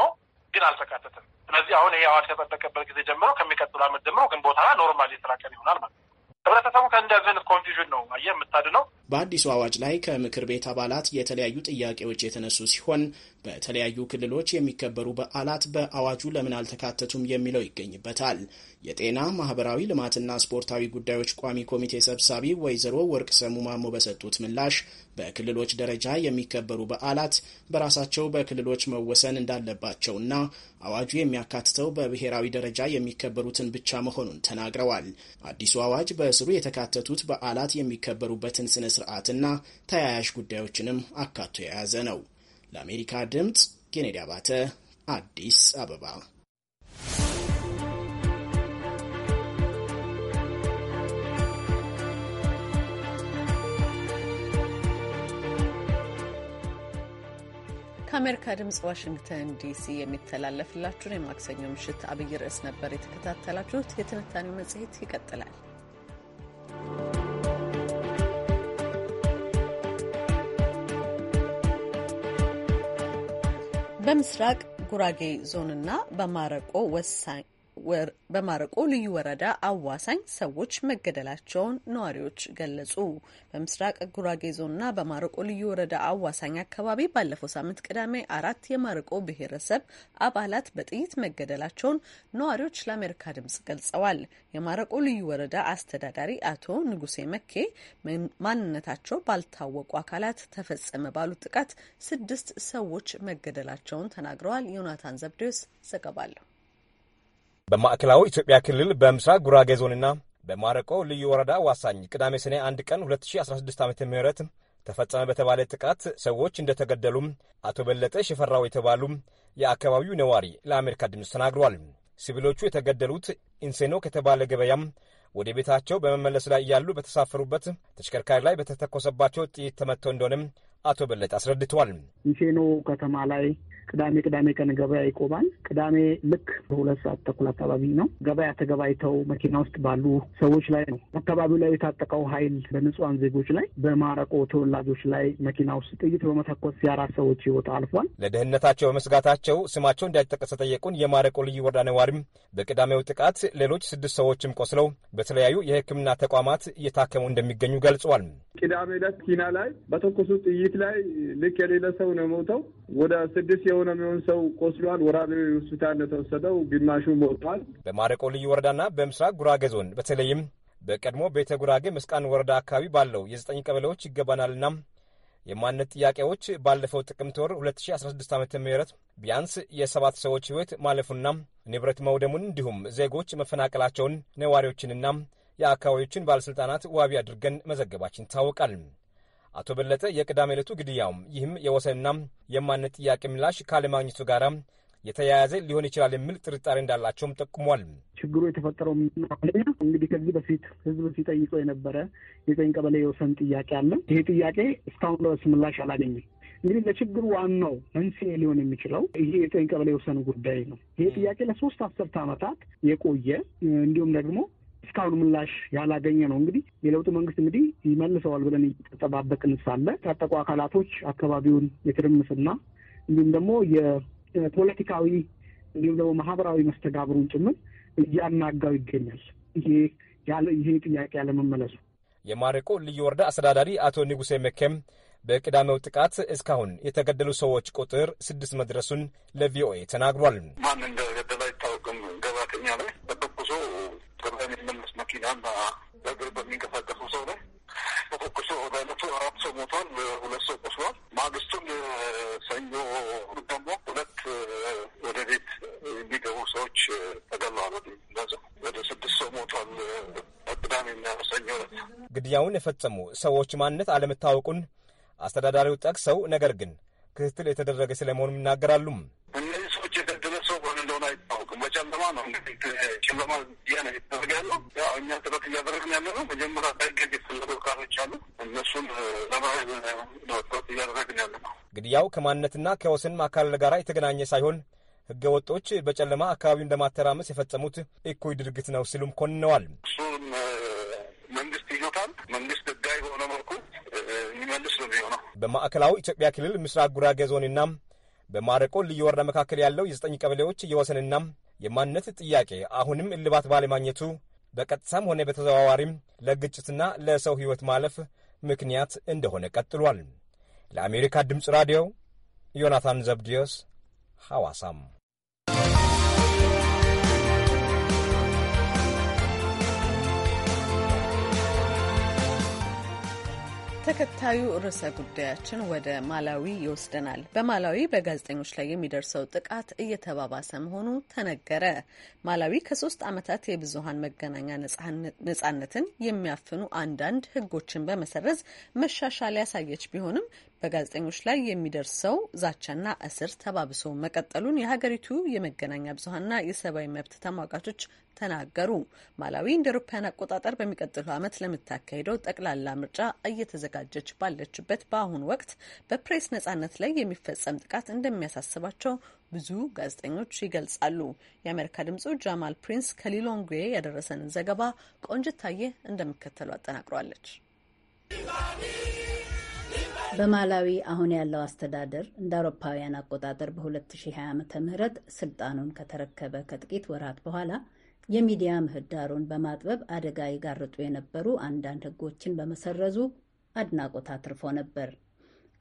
ግን አልተካተተም። ስለዚህ አሁን ይሄ አዋጅ ከጸደቀበት ጊዜ ጀምሮ ከሚቀጥሉ አመት ጀምሮ ግንቦት ኖርማል የስራ ቀን ይሆናል ማለት ነው። ህብረተሰቡ ከእንደዚህ አይነት ኮንፊዥን ነው አየህ የምታድነው በአዲሱ አዋጅ ላይ ከምክር ቤት አባላት የተለያዩ ጥያቄዎች የተነሱ ሲሆን በተለያዩ ክልሎች የሚከበሩ በዓላት በአዋጁ ለምን አልተካተቱም የሚለው ይገኝበታል። የጤና ማህበራዊ ልማትና ስፖርታዊ ጉዳዮች ቋሚ ኮሚቴ ሰብሳቢ ወይዘሮ ወርቅ ሰሙ ማሞ በሰጡት ምላሽ በክልሎች ደረጃ የሚከበሩ በዓላት በራሳቸው በክልሎች መወሰን እንዳለባቸውና አዋጁ የሚያካትተው በብሔራዊ ደረጃ የሚከበሩትን ብቻ መሆኑን ተናግረዋል። አዲሱ አዋጅ በስሩ የተካተቱት በዓላት የሚከበሩበትን ስነ ስርዓትና ተያያዥ ጉዳዮችንም አካቶ የያዘ ነው። ለአሜሪካ ድምፅ ኬኔዲ አባተ፣ አዲስ አበባ። ከአሜሪካ ድምጽ ዋሽንግተን ዲሲ የሚተላለፍላችሁን የማክሰኞ ምሽት አብይ ርዕስ ነበር የተከታተላችሁት። የትንታኔው መጽሔት ይቀጥላል። በምስራቅ ጉራጌ ዞንና በማረቆ ወሳኝ በማረቆ ልዩ ወረዳ አዋሳኝ ሰዎች መገደላቸውን ነዋሪዎች ገለጹ። በምስራቅ ጉራጌ ዞንና በማረቆ ልዩ ወረዳ አዋሳኝ አካባቢ ባለፈው ሳምንት ቅዳሜ አራት የማረቆ ብሔረሰብ አባላት በጥይት መገደላቸውን ነዋሪዎች ለአሜሪካ ድምጽ ገልጸዋል። የማረቆ ልዩ ወረዳ አስተዳዳሪ አቶ ንጉሴ መኬ ማንነታቸው ባልታወቁ አካላት ተፈጸመ ባሉት ጥቃት ስድስት ሰዎች መገደላቸውን ተናግረዋል። ዮናታን ዘብዴዎስ ዘገባለሁ። በማዕከላዊ ኢትዮጵያ ክልል በምስራቅ ጉራጌ ዞንና በማረቆ ልዩ ወረዳ ዋሳኝ ቅዳሜ ሰኔ 1 ቀን 2016 ዓ ም ተፈጸመ በተባለ ጥቃት ሰዎች እንደተገደሉም አቶ በለጠ ሽፈራው የተባሉ የአካባቢው ነዋሪ ለአሜሪካ ድምፅ ተናግሯል። ሲቪሎቹ የተገደሉት ኢንሴኖ ከተባለ ገበያም ወደ ቤታቸው በመመለስ ላይ እያሉ በተሳፈሩበት ተሽከርካሪ ላይ በተተኮሰባቸው ጥይት ተመትተው እንደሆነም አቶ በለጠ አስረድተዋል። ሚሴኖ ከተማ ላይ ቅዳሜ ቅዳሜ ቀን ገበያ ይቆማል። ቅዳሜ ልክ በሁለት ሰዓት ተኩል አካባቢ ነው ገበያ ተገባይተው መኪና ውስጥ ባሉ ሰዎች ላይ ነው አካባቢው ላይ የታጠቀው ኃይል በንጹሐን ዜጎች ላይ በማረቆ ተወላጆች ላይ መኪና ውስጥ ጥይት በመተኮስ የአራት ሰዎች ሕይወት አልፏል። ለደህንነታቸው በመስጋታቸው ስማቸው እንዳይጠቀስ ጠየቁን የማረቆ ልዩ ወረዳ ነዋሪም በቅዳሜው ጥቃት ሌሎች ስድስት ሰዎችም ቆስለው በተለያዩ የሕክምና ተቋማት እየታከሙ እንደሚገኙ ገልጸዋል። ቅዳሜ ዕለት መኪና ላይ በተኮሱ ጥይት ፊት ላይ ልክ የሌለ ሰው ነው የሞተው። ወደ ስድስት የሆነ የሚሆን ሰው ቆስሏል። ወራቤ ሆስፒታል ነው የተወሰደው። ግማሹ ሞቷል። በማረቆ ልዩ ወረዳና በምስራቅ ጉራጌ ዞን በተለይም በቀድሞ ቤተ ጉራጌ መስቃን ወረዳ አካባቢ ባለው የዘጠኝ ቀበሌዎች ይገባናልና የማንነት ጥያቄዎች ባለፈው ጥቅምት ወር 2016 ዓ ም ቢያንስ የሰባት ሰዎች ህይወት ማለፉና ንብረት መውደሙን እንዲሁም ዜጎች መፈናቀላቸውን ነዋሪዎችንና የአካባቢዎችን ባለሥልጣናት ዋቢ አድርገን መዘገባችን ይታወቃል። አቶ በለጠ የቅዳሜ ዕለቱ ግድያው ይህም የወሰንና የማንነት ጥያቄ ምላሽ ካለማግኘቱ ጋር የተያያዘ ሊሆን ይችላል የሚል ጥርጣሬ እንዳላቸውም ጠቁሟል። ችግሩ የተፈጠረው ምንድነው? እንግዲህ ከዚህ በፊት ህዝብ ሲጠይቀው የነበረ የዘጠኝ ቀበሌ የወሰን ጥያቄ አለ። ይሄ ጥያቄ እስካሁን ድረስ ምላሽ አላገኝም። እንግዲህ ለችግሩ ዋናው መንስኤ ሊሆን የሚችለው ይሄ የዘጠኝ ቀበሌ የወሰን ጉዳይ ነው። ይሄ ጥያቄ ለሶስት አስርት ዓመታት የቆየ እንዲሁም ደግሞ እስካሁን ምላሽ ያላገኘ ነው። እንግዲህ የለውጡ መንግስት እንግዲህ ይመልሰዋል ብለን እየተጠባበቅን ሳለ ታጠቁ አካላቶች አካባቢውን የትርምስና እንዲሁም ደግሞ የፖለቲካዊ እንዲሁም ደግሞ ማህበራዊ መስተጋብሩን ጭምር እያናጋው ይገኛል። ይሄ ይሄ ጥያቄ ያለመመለሱ የማረቆ ልዩ ወረዳ አስተዳዳሪ አቶ ንጉሴ መኬም በቅዳሜው ጥቃት እስካሁን የተገደሉ ሰዎች ቁጥር ስድስት መድረሱን ለቪኦኤ ተናግሯል። ማን እንደ በመኪናና በእግር በሚንቀሳቀሱ ሰው ላይ ተተኩሶ ወደ አራት ሰው ሞቷል፣ ሁለት ሰው ቆስሏል። ማግስቱን ሰኞ ደግሞ ሁለት ወደ ቤት የሚገቡ ሰዎች ተገለዋል። ወደ ስድስት ሰው ሞቷል። ቅዳሜና ሰኞ ዕለት ግድያውን የፈጸሙ ሰዎች ማንነት አለመታወቁን አስተዳዳሪው ጠቅሰው ነገር ግን ክትትል የተደረገ ስለመሆኑም ይናገራሉም? ሰዎችን በማያ ነው የተደረገ ያለው። ያው እኛ ጥረት እያደረግን ያለ ነው። መጀመሪያ ሳይገድ የተፈለጉ ካሮች አሉ። እነሱን ለማያዝ ነው ጥረት እያደረግን ያለ ነው። ግድያው ከማንነትና ከወሰን ማካለል ጋር የተገናኘ ሳይሆን ህገ ወጦች በጨለማ አካባቢውን እንደማተራመስ የፈጸሙት እኩይ ድርጊት ነው ሲሉም ኮንነዋል። እሱን መንግስት ይዞታል። መንግስት ህጋዊ በሆነ መልኩ የሚመልስ ነው የሚሆነው። በማዕከላዊ ኢትዮጵያ ክልል ምስራቅ ጉራጌ ዞንና በማረቆ ልዩ ወረዳ መካከል ያለው የዘጠኝ ቀበሌዎች የወሰንና የማንነት ጥያቄ አሁንም እልባት ባለማግኘቱ በቀጥታም ሆነ በተዘዋዋሪም ለግጭትና ለሰው ሕይወት ማለፍ ምክንያት እንደሆነ ቀጥሏል። ለአሜሪካ ድምፅ ራዲዮ ዮናታን ዘብዲዮስ ሐዋሳም ተከታዩ ርዕሰ ጉዳያችን ወደ ማላዊ ይወስደናል። በማላዊ በጋዜጠኞች ላይ የሚደርሰው ጥቃት እየተባባሰ መሆኑ ተነገረ። ማላዊ ከሶስት ዓመታት የብዙሀን መገናኛ ነጻነትን የሚያፍኑ አንዳንድ ሕጎችን በመሰረዝ መሻሻል ያሳየች ቢሆንም በጋዜጠኞች ላይ የሚደርሰው ዛቻና እስር ተባብሶ መቀጠሉን የሀገሪቱ የመገናኛ ብዙሀንና የሰብአዊ መብት ተሟጋቾች ተናገሩ። ማላዊ እንደ አውሮፓውያን አቆጣጠር በሚቀጥለው ዓመት ለምታካሄደው ጠቅላላ ምርጫ እየተዘጋጀች ባለችበት በአሁኑ ወቅት በፕሬስ ነጻነት ላይ የሚፈጸም ጥቃት እንደሚያሳስባቸው ብዙ ጋዜጠኞች ይገልጻሉ። የአሜሪካ ድምጹ ጃማል ፕሪንስ ከሊሎንግዌ ያደረሰንን ዘገባ ቆንጅታዬ እንደሚከተሉ አጠናቅሯለች። በማላዊ አሁን ያለው አስተዳደር እንደ አውሮፓውያን አቆጣጠር በ2020 ዓ ም ስልጣኑን ከተረከበ ከጥቂት ወራት በኋላ የሚዲያ ምህዳሩን በማጥበብ አደጋ ይጋርጡ የነበሩ አንዳንድ ሕጎችን በመሰረዙ አድናቆት አትርፎ ነበር።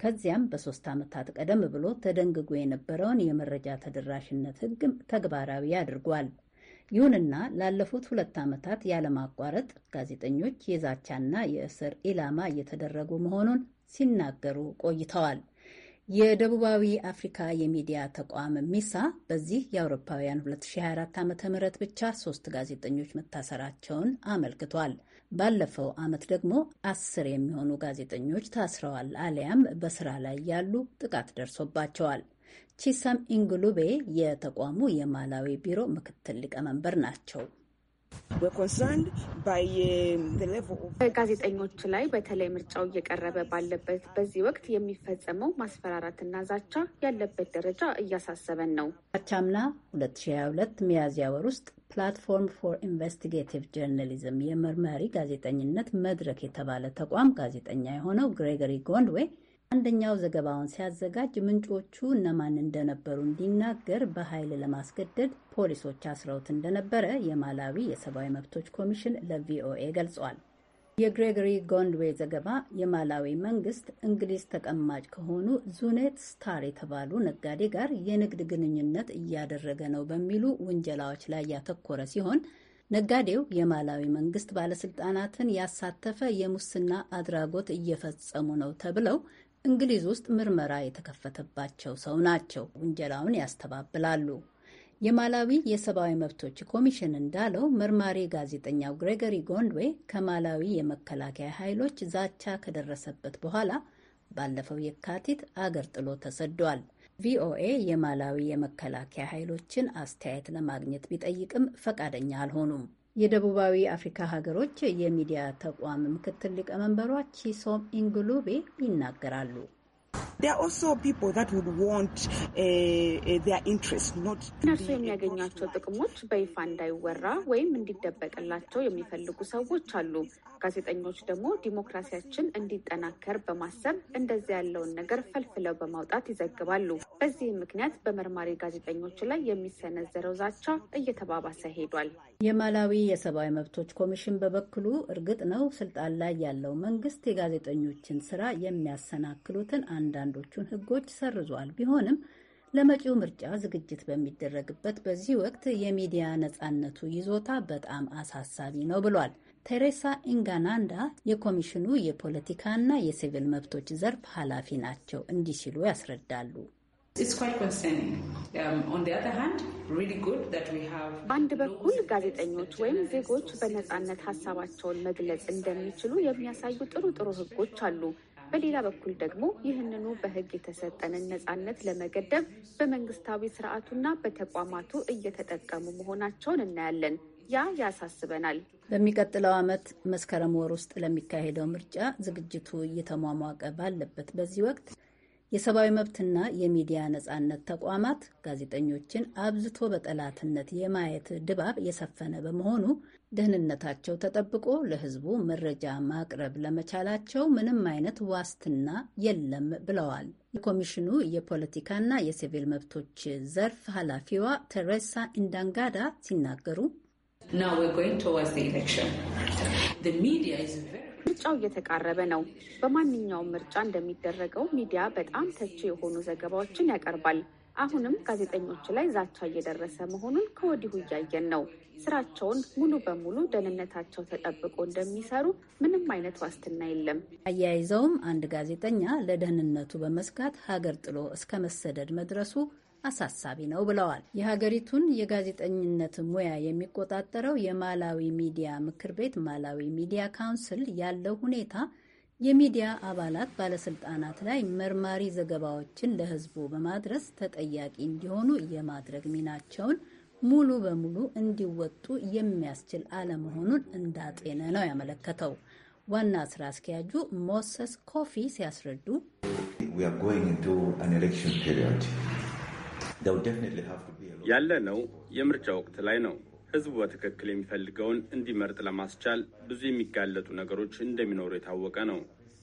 ከዚያም በሶስት ዓመታት ቀደም ብሎ ተደንግጎ የነበረውን የመረጃ ተደራሽነት ሕግ ተግባራዊ አድርጓል። ይሁንና ላለፉት ሁለት ዓመታት ያለማቋረጥ ጋዜጠኞች የዛቻና የእስር ኢላማ እየተደረጉ መሆኑን ሲናገሩ ቆይተዋል። የደቡባዊ አፍሪካ የሚዲያ ተቋም ሚሳ በዚህ የአውሮፓውያን 2024 ዓ ም ብቻ ሶስት ጋዜጠኞች መታሰራቸውን አመልክቷል። ባለፈው ዓመት ደግሞ አስር የሚሆኑ ጋዜጠኞች ታስረዋል አሊያም በስራ ላይ ያሉ ጥቃት ደርሶባቸዋል። ቺሳም ኢንግሉቤ የተቋሙ የማላዊ ቢሮ ምክትል ሊቀመንበር ናቸው። Um, በጋዜጠኞች ላይ በተለይ ምርጫው እየቀረበ ባለበት በዚህ ወቅት የሚፈጸመው ማስፈራራትና ዛቻ ያለበት ደረጃ እያሳሰበን ነው። አቻምና 2022 ሚያዝያ ወር ውስጥ ፕላትፎርም ፎር ኢንቨስቲጌቲቭ ጀርናሊዝም የመርማሪ ጋዜጠኝነት መድረክ የተባለ ተቋም ጋዜጠኛ የሆነው ግሬጎሪ ጎንድዌ አንደኛው ዘገባውን ሲያዘጋጅ ምንጮቹ እነማን እንደነበሩ እንዲናገር በኃይል ለማስገደድ ፖሊሶች አስረውት እንደነበረ የማላዊ የሰብአዊ መብቶች ኮሚሽን ለቪኦኤ ገልጿል። የግሬጎሪ ጎንድዌ ዘገባ የማላዊ መንግስት እንግሊዝ ተቀማጭ ከሆኑ ዙኔት ስታር የተባሉ ነጋዴ ጋር የንግድ ግንኙነት እያደረገ ነው በሚሉ ውንጀላዎች ላይ ያተኮረ ሲሆን ነጋዴው የማላዊ መንግስት ባለስልጣናትን ያሳተፈ የሙስና አድራጎት እየፈጸሙ ነው ተብለው እንግሊዝ ውስጥ ምርመራ የተከፈተባቸው ሰው ናቸው። ውንጀላውን ያስተባብላሉ። የማላዊ የሰብአዊ መብቶች ኮሚሽን እንዳለው መርማሪ ጋዜጠኛው ግሬገሪ ጎንድዌ ከማላዊ የመከላከያ ኃይሎች ዛቻ ከደረሰበት በኋላ ባለፈው የካቲት አገር ጥሎ ተሰዷል። ቪኦኤ የማላዊ የመከላከያ ኃይሎችን አስተያየት ለማግኘት ቢጠይቅም ፈቃደኛ አልሆኑም። የደቡባዊ አፍሪካ ሀገሮች የሚዲያ ተቋም ምክትል ሊቀመንበሯ ቺሶም ኢንግሉቤ ይናገራሉ። Eh, eh, እነርሱ የሚያገኟቸው ጥቅሞች በይፋ እንዳይወራ ወይም እንዲደበቅላቸው የሚፈልጉ ሰዎች አሉ። ጋዜጠኞች ደግሞ ዲሞክራሲያችን እንዲጠናከር በማሰብ እንደዚህ ያለውን ነገር ፈልፍለው በማውጣት ይዘግባሉ። በዚህም ምክንያት በመርማሪ ጋዜጠኞች ላይ የሚሰነዘረው ዛቻ እየተባባሰ ሄዷል። የማላዊ የሰብአዊ መብቶች ኮሚሽን በበኩሉ እርግጥ ነው ስልጣን ላይ ያለው መንግስት የጋዜጠኞችን ስራ የሚያሰናክሉትን አንዳንዶቹን ህጎች ሰርዟል። ቢሆንም ለመጪው ምርጫ ዝግጅት በሚደረግበት በዚህ ወቅት የሚዲያ ነፃነቱ ይዞታ በጣም አሳሳቢ ነው ብሏል። ቴሬሳ ኢንጋናንዳ የኮሚሽኑ የፖለቲካና የሲቪል መብቶች ዘርፍ ኃላፊ ናቸው። እንዲህ ሲሉ ያስረዳሉ። um, በአንድ በኩል ጋዜጠኞች ወይም ዜጎች በነፃነት ሀሳባቸውን መግለጽ እንደሚችሉ የሚያሳዩ ጥሩ ጥሩ ህጎች አሉ። በሌላ በኩል ደግሞ ይህንኑ በህግ የተሰጠንን ነጻነት ለመገደብ በመንግስታዊ ስርዓቱና በተቋማቱ እየተጠቀሙ መሆናቸውን እናያለን። ያ ያሳስበናል። በሚቀጥለው ዓመት መስከረም ወር ውስጥ ለሚካሄደው ምርጫ ዝግጅቱ እየተሟሟቀ ባለበት በዚህ ወቅት የሰብአዊ መብትና የሚዲያ ነጻነት ተቋማት ጋዜጠኞችን አብዝቶ በጠላትነት የማየት ድባብ የሰፈነ በመሆኑ ደህንነታቸው ተጠብቆ ለሕዝቡ መረጃ ማቅረብ ለመቻላቸው ምንም አይነት ዋስትና የለም ብለዋል። የኮሚሽኑ የፖለቲካና የሲቪል መብቶች ዘርፍ ኃላፊዋ ተሬሳ ኢንዳንጋዳ ሲናገሩ ምርጫው እየተቃረበ ነው። በማንኛውም ምርጫ እንደሚደረገው ሚዲያ በጣም ተቺ የሆኑ ዘገባዎችን ያቀርባል። አሁንም ጋዜጠኞች ላይ ዛቻ እየደረሰ መሆኑን ከወዲሁ እያየን ነው። ስራቸውን ሙሉ በሙሉ ደህንነታቸው ተጠብቆ እንደሚሰሩ ምንም አይነት ዋስትና የለም። አያይዘውም አንድ ጋዜጠኛ ለደህንነቱ በመስጋት ሀገር ጥሎ እስከ መሰደድ መድረሱ አሳሳቢ ነው ብለዋል። የሀገሪቱን የጋዜጠኝነት ሙያ የሚቆጣጠረው የማላዊ ሚዲያ ምክር ቤት ማላዊ ሚዲያ ካውንስል ያለው ሁኔታ የሚዲያ አባላት ባለስልጣናት ላይ መርማሪ ዘገባዎችን ለሕዝቡ በማድረስ ተጠያቂ እንዲሆኑ የማድረግ ሚናቸውን ሙሉ በሙሉ እንዲወጡ የሚያስችል አለመሆኑን እንዳጤነ ነው ያመለከተው። ዋና ስራ አስኪያጁ ሞሰስ ኮፊ ሲያስረዱ ያለ ነው የምርጫ ወቅት ላይ ነው። ህዝቡ በትክክል የሚፈልገውን እንዲመርጥ ለማስቻል ብዙ የሚጋለጡ ነገሮች እንደሚኖሩ የታወቀ ነው።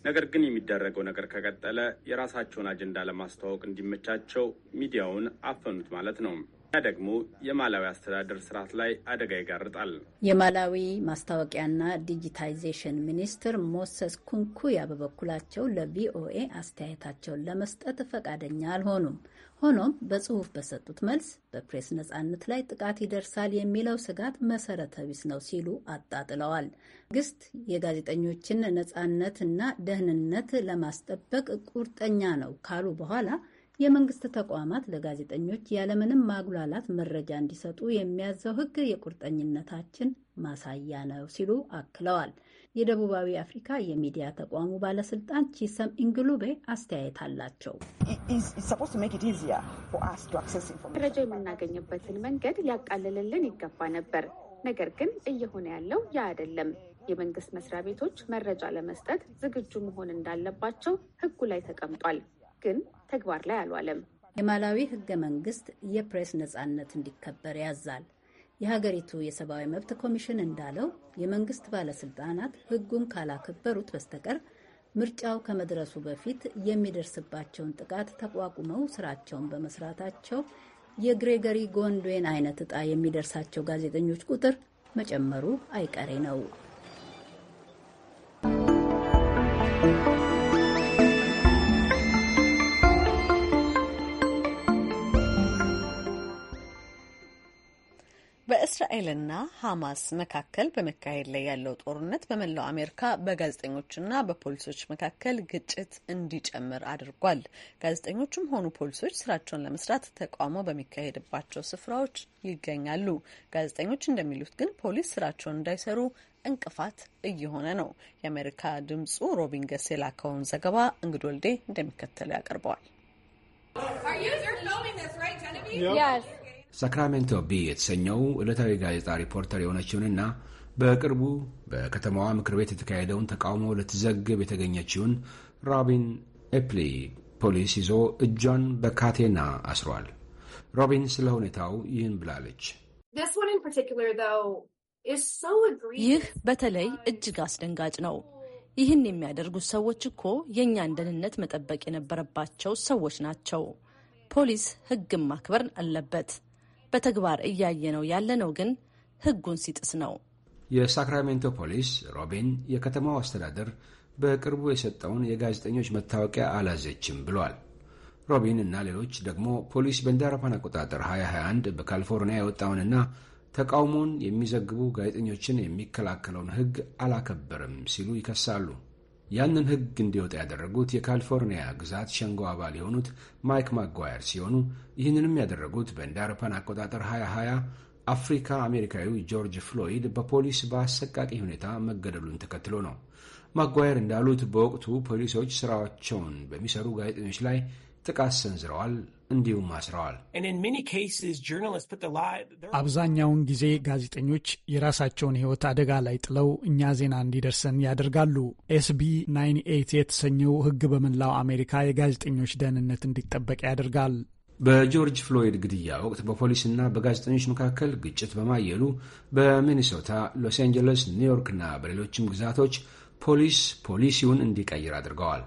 ነገር ግን የሚደረገው ነገር ከቀጠለ የራሳቸውን አጀንዳ ለማስተዋወቅ እንዲመቻቸው ሚዲያውን አፈኑት ማለት ነው። ያ ደግሞ የማላዊ አስተዳደር ስርዓት ላይ አደጋ ይጋርጣል። የማላዊ ማስታወቂያና ዲጂታይዜሽን ሚኒስትር ሞሰስ ኩንኩያ በበኩላቸው ለቪኦኤ አስተያየታቸውን ለመስጠት ፈቃደኛ አልሆኑም። ሆኖም በጽሁፍ በሰጡት መልስ በፕሬስ ነጻነት ላይ ጥቃት ይደርሳል የሚለው ስጋት መሰረተ ቢስ ነው ሲሉ አጣጥለዋል። መንግስት የጋዜጠኞችን ነጻነትና ደህንነት ለማስጠበቅ ቁርጠኛ ነው ካሉ በኋላ የመንግስት ተቋማት ለጋዜጠኞች ያለምንም ማጉላላት መረጃ እንዲሰጡ የሚያዘው ህግ የቁርጠኝነታችን ማሳያ ነው ሲሉ አክለዋል። የደቡባዊ አፍሪካ የሚዲያ ተቋሙ ባለስልጣን ቺሰም ኢንግሉቤ አስተያየት አላቸው። መረጃ የምናገኝበትን መንገድ ሊያቃልልልን ይገባ ነበር። ነገር ግን እየሆነ ያለው ያ አይደለም። የመንግስት መስሪያ ቤቶች መረጃ ለመስጠት ዝግጁ መሆን እንዳለባቸው ህጉ ላይ ተቀምጧል፣ ግን ተግባር ላይ አልዋለም። የማላዊ ህገ መንግስት የፕሬስ ነጻነት እንዲከበር ያዛል። የሀገሪቱ የሰብአዊ መብት ኮሚሽን እንዳለው የመንግስት ባለስልጣናት ህጉን ካላከበሩት በስተቀር ምርጫው ከመድረሱ በፊት የሚደርስባቸውን ጥቃት ተቋቁመው ስራቸውን በመስራታቸው የግሬገሪ ጎንዶዌን አይነት እጣ የሚደርሳቸው ጋዜጠኞች ቁጥር መጨመሩ አይቀሬ ነው። በእስራኤልና ሐማስ መካከል በመካሄድ ላይ ያለው ጦርነት በመላው አሜሪካ በጋዜጠኞችና በፖሊሶች መካከል ግጭት እንዲጨምር አድርጓል። ጋዜጠኞችም ሆኑ ፖሊሶች ስራቸውን ለመስራት ተቃውሞ በሚካሄድባቸው ስፍራዎች ይገኛሉ። ጋዜጠኞች እንደሚሉት ግን ፖሊስ ስራቸውን እንዳይሰሩ እንቅፋት እየሆነ ነው። የአሜሪካ ድምጹ ሮቢን ገስ የላከውን ዘገባ እንግድ ወልዴ እንደሚከተለው ያቀርበዋል። ሳክራሜንቶ ቢ የተሰኘው ዕለታዊ ጋዜጣ ሪፖርተር የሆነችውንና በቅርቡ በከተማዋ ምክር ቤት የተካሄደውን ተቃውሞ ልትዘግብ የተገኘችውን ሮቢን ኤፕሊ ፖሊስ ይዞ እጇን በካቴና አስሯል። ሮቢን ስለ ሁኔታው ይህን ብላለች። ይህ በተለይ እጅግ አስደንጋጭ ነው። ይህን የሚያደርጉት ሰዎች እኮ የእኛን ደህንነት መጠበቅ የነበረባቸው ሰዎች ናቸው። ፖሊስ ሕግን ማክበር አለበት። በተግባር እያየነው ያለነው ግን ህጉን ሲጥስ ነው። የሳክራሜንቶ ፖሊስ ሮቢን የከተማው አስተዳደር በቅርቡ የሰጠውን የጋዜጠኞች መታወቂያ አላዘችም ብሏል። ሮቢን እና ሌሎች ደግሞ ፖሊስ በእንደ አቆጣጠር 2021 በካሊፎርኒያ የወጣውንና ተቃውሞውን የሚዘግቡ ጋዜጠኞችን የሚከላከለውን ህግ አላከበርም ሲሉ ይከሳሉ። ያንን ሕግ እንዲወጣ ያደረጉት የካሊፎርኒያ ግዛት ሸንጎ አባል የሆኑት ማይክ ማጓየር ሲሆኑ ይህንንም ያደረጉት በእንደ አውሮፓን አቆጣጠር 2020 አፍሪካ አሜሪካዊ ጆርጅ ፍሎይድ በፖሊስ በአሰቃቂ ሁኔታ መገደሉን ተከትሎ ነው። ማጓየር እንዳሉት በወቅቱ ፖሊሶች ስራቸውን በሚሰሩ ጋዜጠኞች ላይ ጥቃት ሰንዝረዋል፣ እንዲሁም አስረዋል። አብዛኛውን ጊዜ ጋዜጠኞች የራሳቸውን ሕይወት አደጋ ላይ ጥለው እኛ ዜና እንዲደርሰን ያደርጋሉ። ኤስቢ 98 የተሰኘው ሕግ በመላው አሜሪካ የጋዜጠኞች ደህንነት እንዲጠበቅ ያደርጋል። በጆርጅ ፍሎይድ ግድያ ወቅት በፖሊስና በጋዜጠኞች መካከል ግጭት በማየሉ በሚኒሶታ፣ ሎስ አንጀለስ፣ ኒውዮርክ እና በሌሎችም ግዛቶች ፖሊስ ፖሊሲውን እንዲቀይር አድርገዋል።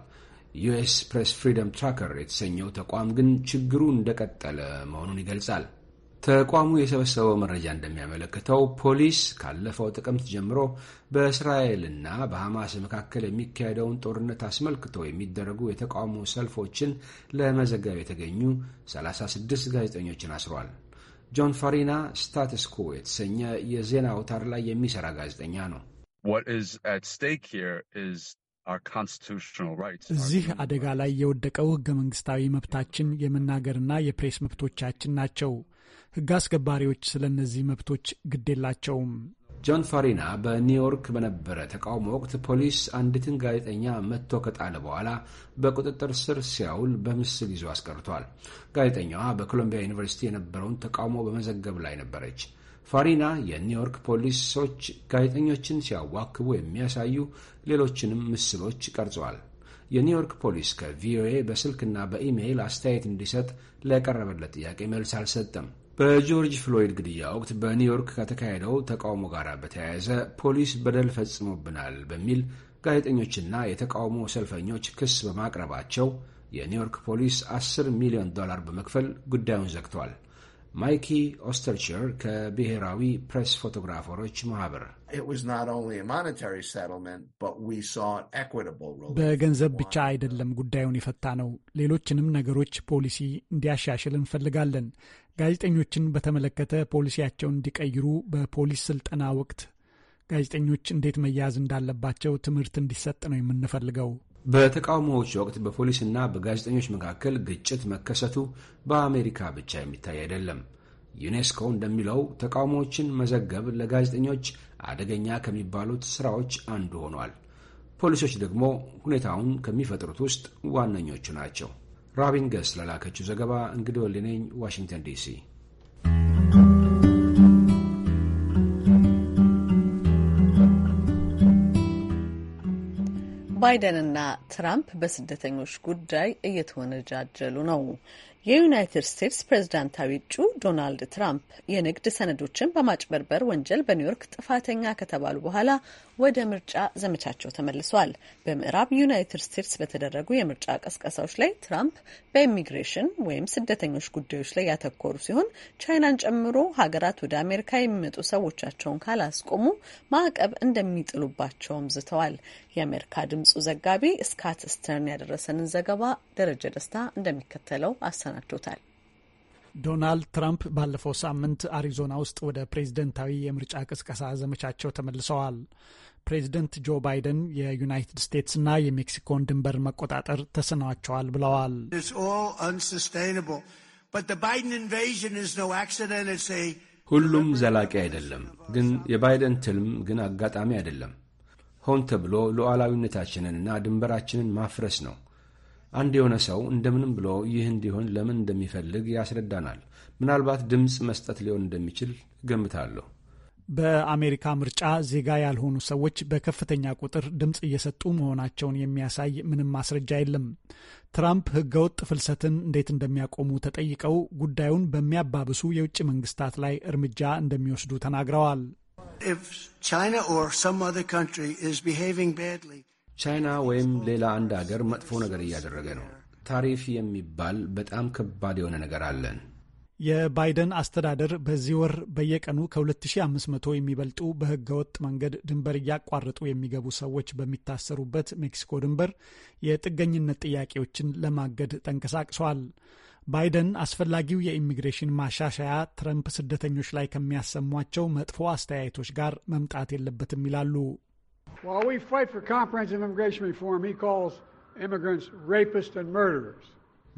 ዩኤስ ፕሬስ ፍሪደም ትራከር የተሰኘው ተቋም ግን ችግሩ እንደቀጠለ መሆኑን ይገልጻል። ተቋሙ የሰበሰበው መረጃ እንደሚያመለክተው ፖሊስ ካለፈው ጥቅምት ጀምሮ በእስራኤልና በሐማስ መካከል የሚካሄደውን ጦርነት አስመልክቶ የሚደረጉ የተቃውሞ ሰልፎችን ለመዘገብ የተገኙ 36 ጋዜጠኞችን አስሯል። ጆን ፋሪና ስታትስኮ የተሰኘ የዜና አውታር ላይ የሚሰራ ጋዜጠኛ ነው። What is at stake here is እዚህ አደጋ ላይ የወደቀው ህገ መንግስታዊ መብታችን የመናገርና የፕሬስ መብቶቻችን ናቸው። ህግ አስከባሪዎች ስለ እነዚህ መብቶች ግድ የላቸውም። ጆን ፋሪና በኒውዮርክ በነበረ ተቃውሞ ወቅት ፖሊስ አንዲትን ጋዜጠኛ መጥቶ ከጣለ በኋላ በቁጥጥር ስር ሲያውል በምስል ይዞ አስቀርቷል። ጋዜጠኛዋ በኮሎምቢያ ዩኒቨርሲቲ የነበረውን ተቃውሞ በመዘገብ ላይ ነበረች። ፋሪና የኒውዮርክ ፖሊሶች ጋዜጠኞችን ሲያዋክቡ የሚያሳዩ ሌሎችንም ምስሎች ቀርጸዋል። የኒውዮርክ ፖሊስ ከቪኦኤ በስልክና በኢሜይል አስተያየት እንዲሰጥ ለቀረበለት ጥያቄ መልስ አልሰጠም። በጆርጅ ፍሎይድ ግድያ ወቅት በኒውዮርክ ከተካሄደው ተቃውሞ ጋር በተያያዘ ፖሊስ በደል ፈጽሞብናል በሚል ጋዜጠኞችና የተቃውሞ ሰልፈኞች ክስ በማቅረባቸው የኒውዮርክ ፖሊስ 10 ሚሊዮን ዶላር በመክፈል ጉዳዩን ዘግቷል። ማይኪ ኦስተርቸር ከብሔራዊ ፕሬስ ፎቶግራፈሮች ማህበር በገንዘብ ብቻ አይደለም ጉዳዩን የፈታ ነው። ሌሎችንም ነገሮች ፖሊሲ እንዲያሻሽል እንፈልጋለን። ጋዜጠኞችን በተመለከተ ፖሊሲያቸውን እንዲቀይሩ በፖሊስ ስልጠና ወቅት ጋዜጠኞች እንዴት መያዝ እንዳለባቸው ትምህርት እንዲሰጥ ነው የምንፈልገው። በተቃውሞዎች ወቅት በፖሊስና በጋዜጠኞች መካከል ግጭት መከሰቱ በአሜሪካ ብቻ የሚታይ አይደለም። ዩኔስኮ እንደሚለው ተቃውሞዎችን መዘገብ ለጋዜጠኞች አደገኛ ከሚባሉት ስራዎች አንዱ ሆኗል። ፖሊሶች ደግሞ ሁኔታውን ከሚፈጥሩት ውስጥ ዋነኞቹ ናቸው። ራቢን ገስ ለላከችው ዘገባ እንግዲህ ወልነኝ ዋሽንግተን ዲሲ ባይደንና ትራምፕ በስደተኞች ጉዳይ እየተወነጃጀሉ ነው። የዩናይትድ ስቴትስ ፕሬዝዳንታዊ እጩ ዶናልድ ትራምፕ የንግድ ሰነዶችን በማጭበርበር ወንጀል በኒውዮርክ ጥፋተኛ ከተባሉ በኋላ ወደ ምርጫ ዘመቻቸው ተመልሰዋል። በምዕራብ ዩናይትድ ስቴትስ በተደረጉ የምርጫ ቀስቀሳዎች ላይ ትራምፕ በኢሚግሬሽን ወይም ስደተኞች ጉዳዮች ላይ ያተኮሩ ሲሆን ቻይናን ጨምሮ ሀገራት ወደ አሜሪካ የሚመጡ ሰዎቻቸውን ካላስቆሙ ማዕቀብ እንደሚጥሉባቸውም ዝተዋል። የአሜሪካ ድምጹ ዘጋቢ ስካት ስተርን ያደረሰንን ዘገባ ደረጀ ደስታ እንደሚከተለው አሰ ተሰናድቶታል። ዶናልድ ትራምፕ ባለፈው ሳምንት አሪዞና ውስጥ ወደ ፕሬዝደንታዊ የምርጫ ቅስቀሳ ዘመቻቸው ተመልሰዋል። ፕሬዝደንት ጆ ባይደን የዩናይትድ ስቴትስና የሜክሲኮን ድንበር መቆጣጠር ተስኗቸዋል ብለዋል። ሁሉም ዘላቂ አይደለም፣ ግን የባይደን ትልም ግን አጋጣሚ አይደለም። ሆን ተብሎ ሉዓላዊነታችንንና ድንበራችንን ማፍረስ ነው። አንድ የሆነ ሰው እንደምንም ብሎ ይህ እንዲሆን ለምን እንደሚፈልግ ያስረዳናል። ምናልባት ድምፅ መስጠት ሊሆን እንደሚችል ገምታለሁ። በአሜሪካ ምርጫ ዜጋ ያልሆኑ ሰዎች በከፍተኛ ቁጥር ድምፅ እየሰጡ መሆናቸውን የሚያሳይ ምንም ማስረጃ የለም። ትራምፕ ሕገወጥ ፍልሰትን እንዴት እንደሚያቆሙ ተጠይቀው ጉዳዩን በሚያባብሱ የውጭ መንግስታት ላይ እርምጃ እንደሚወስዱ ተናግረዋል። ቻይና ወይም ሌላ አንድ አገር መጥፎ ነገር እያደረገ ነው። ታሪፍ የሚባል በጣም ከባድ የሆነ ነገር አለን። የባይደን አስተዳደር በዚህ ወር በየቀኑ ከ2500 የሚበልጡ በህገወጥ መንገድ ድንበር እያቋረጡ የሚገቡ ሰዎች በሚታሰሩበት ሜክሲኮ ድንበር የጥገኝነት ጥያቄዎችን ለማገድ ተንቀሳቅሰዋል። ባይደን አስፈላጊው የኢሚግሬሽን ማሻሻያ ትረምፕ ስደተኞች ላይ ከሚያሰሟቸው መጥፎ አስተያየቶች ጋር መምጣት የለበትም ይላሉ። While we fight for comprehensive immigration reform, he calls immigrants rapists and murderers.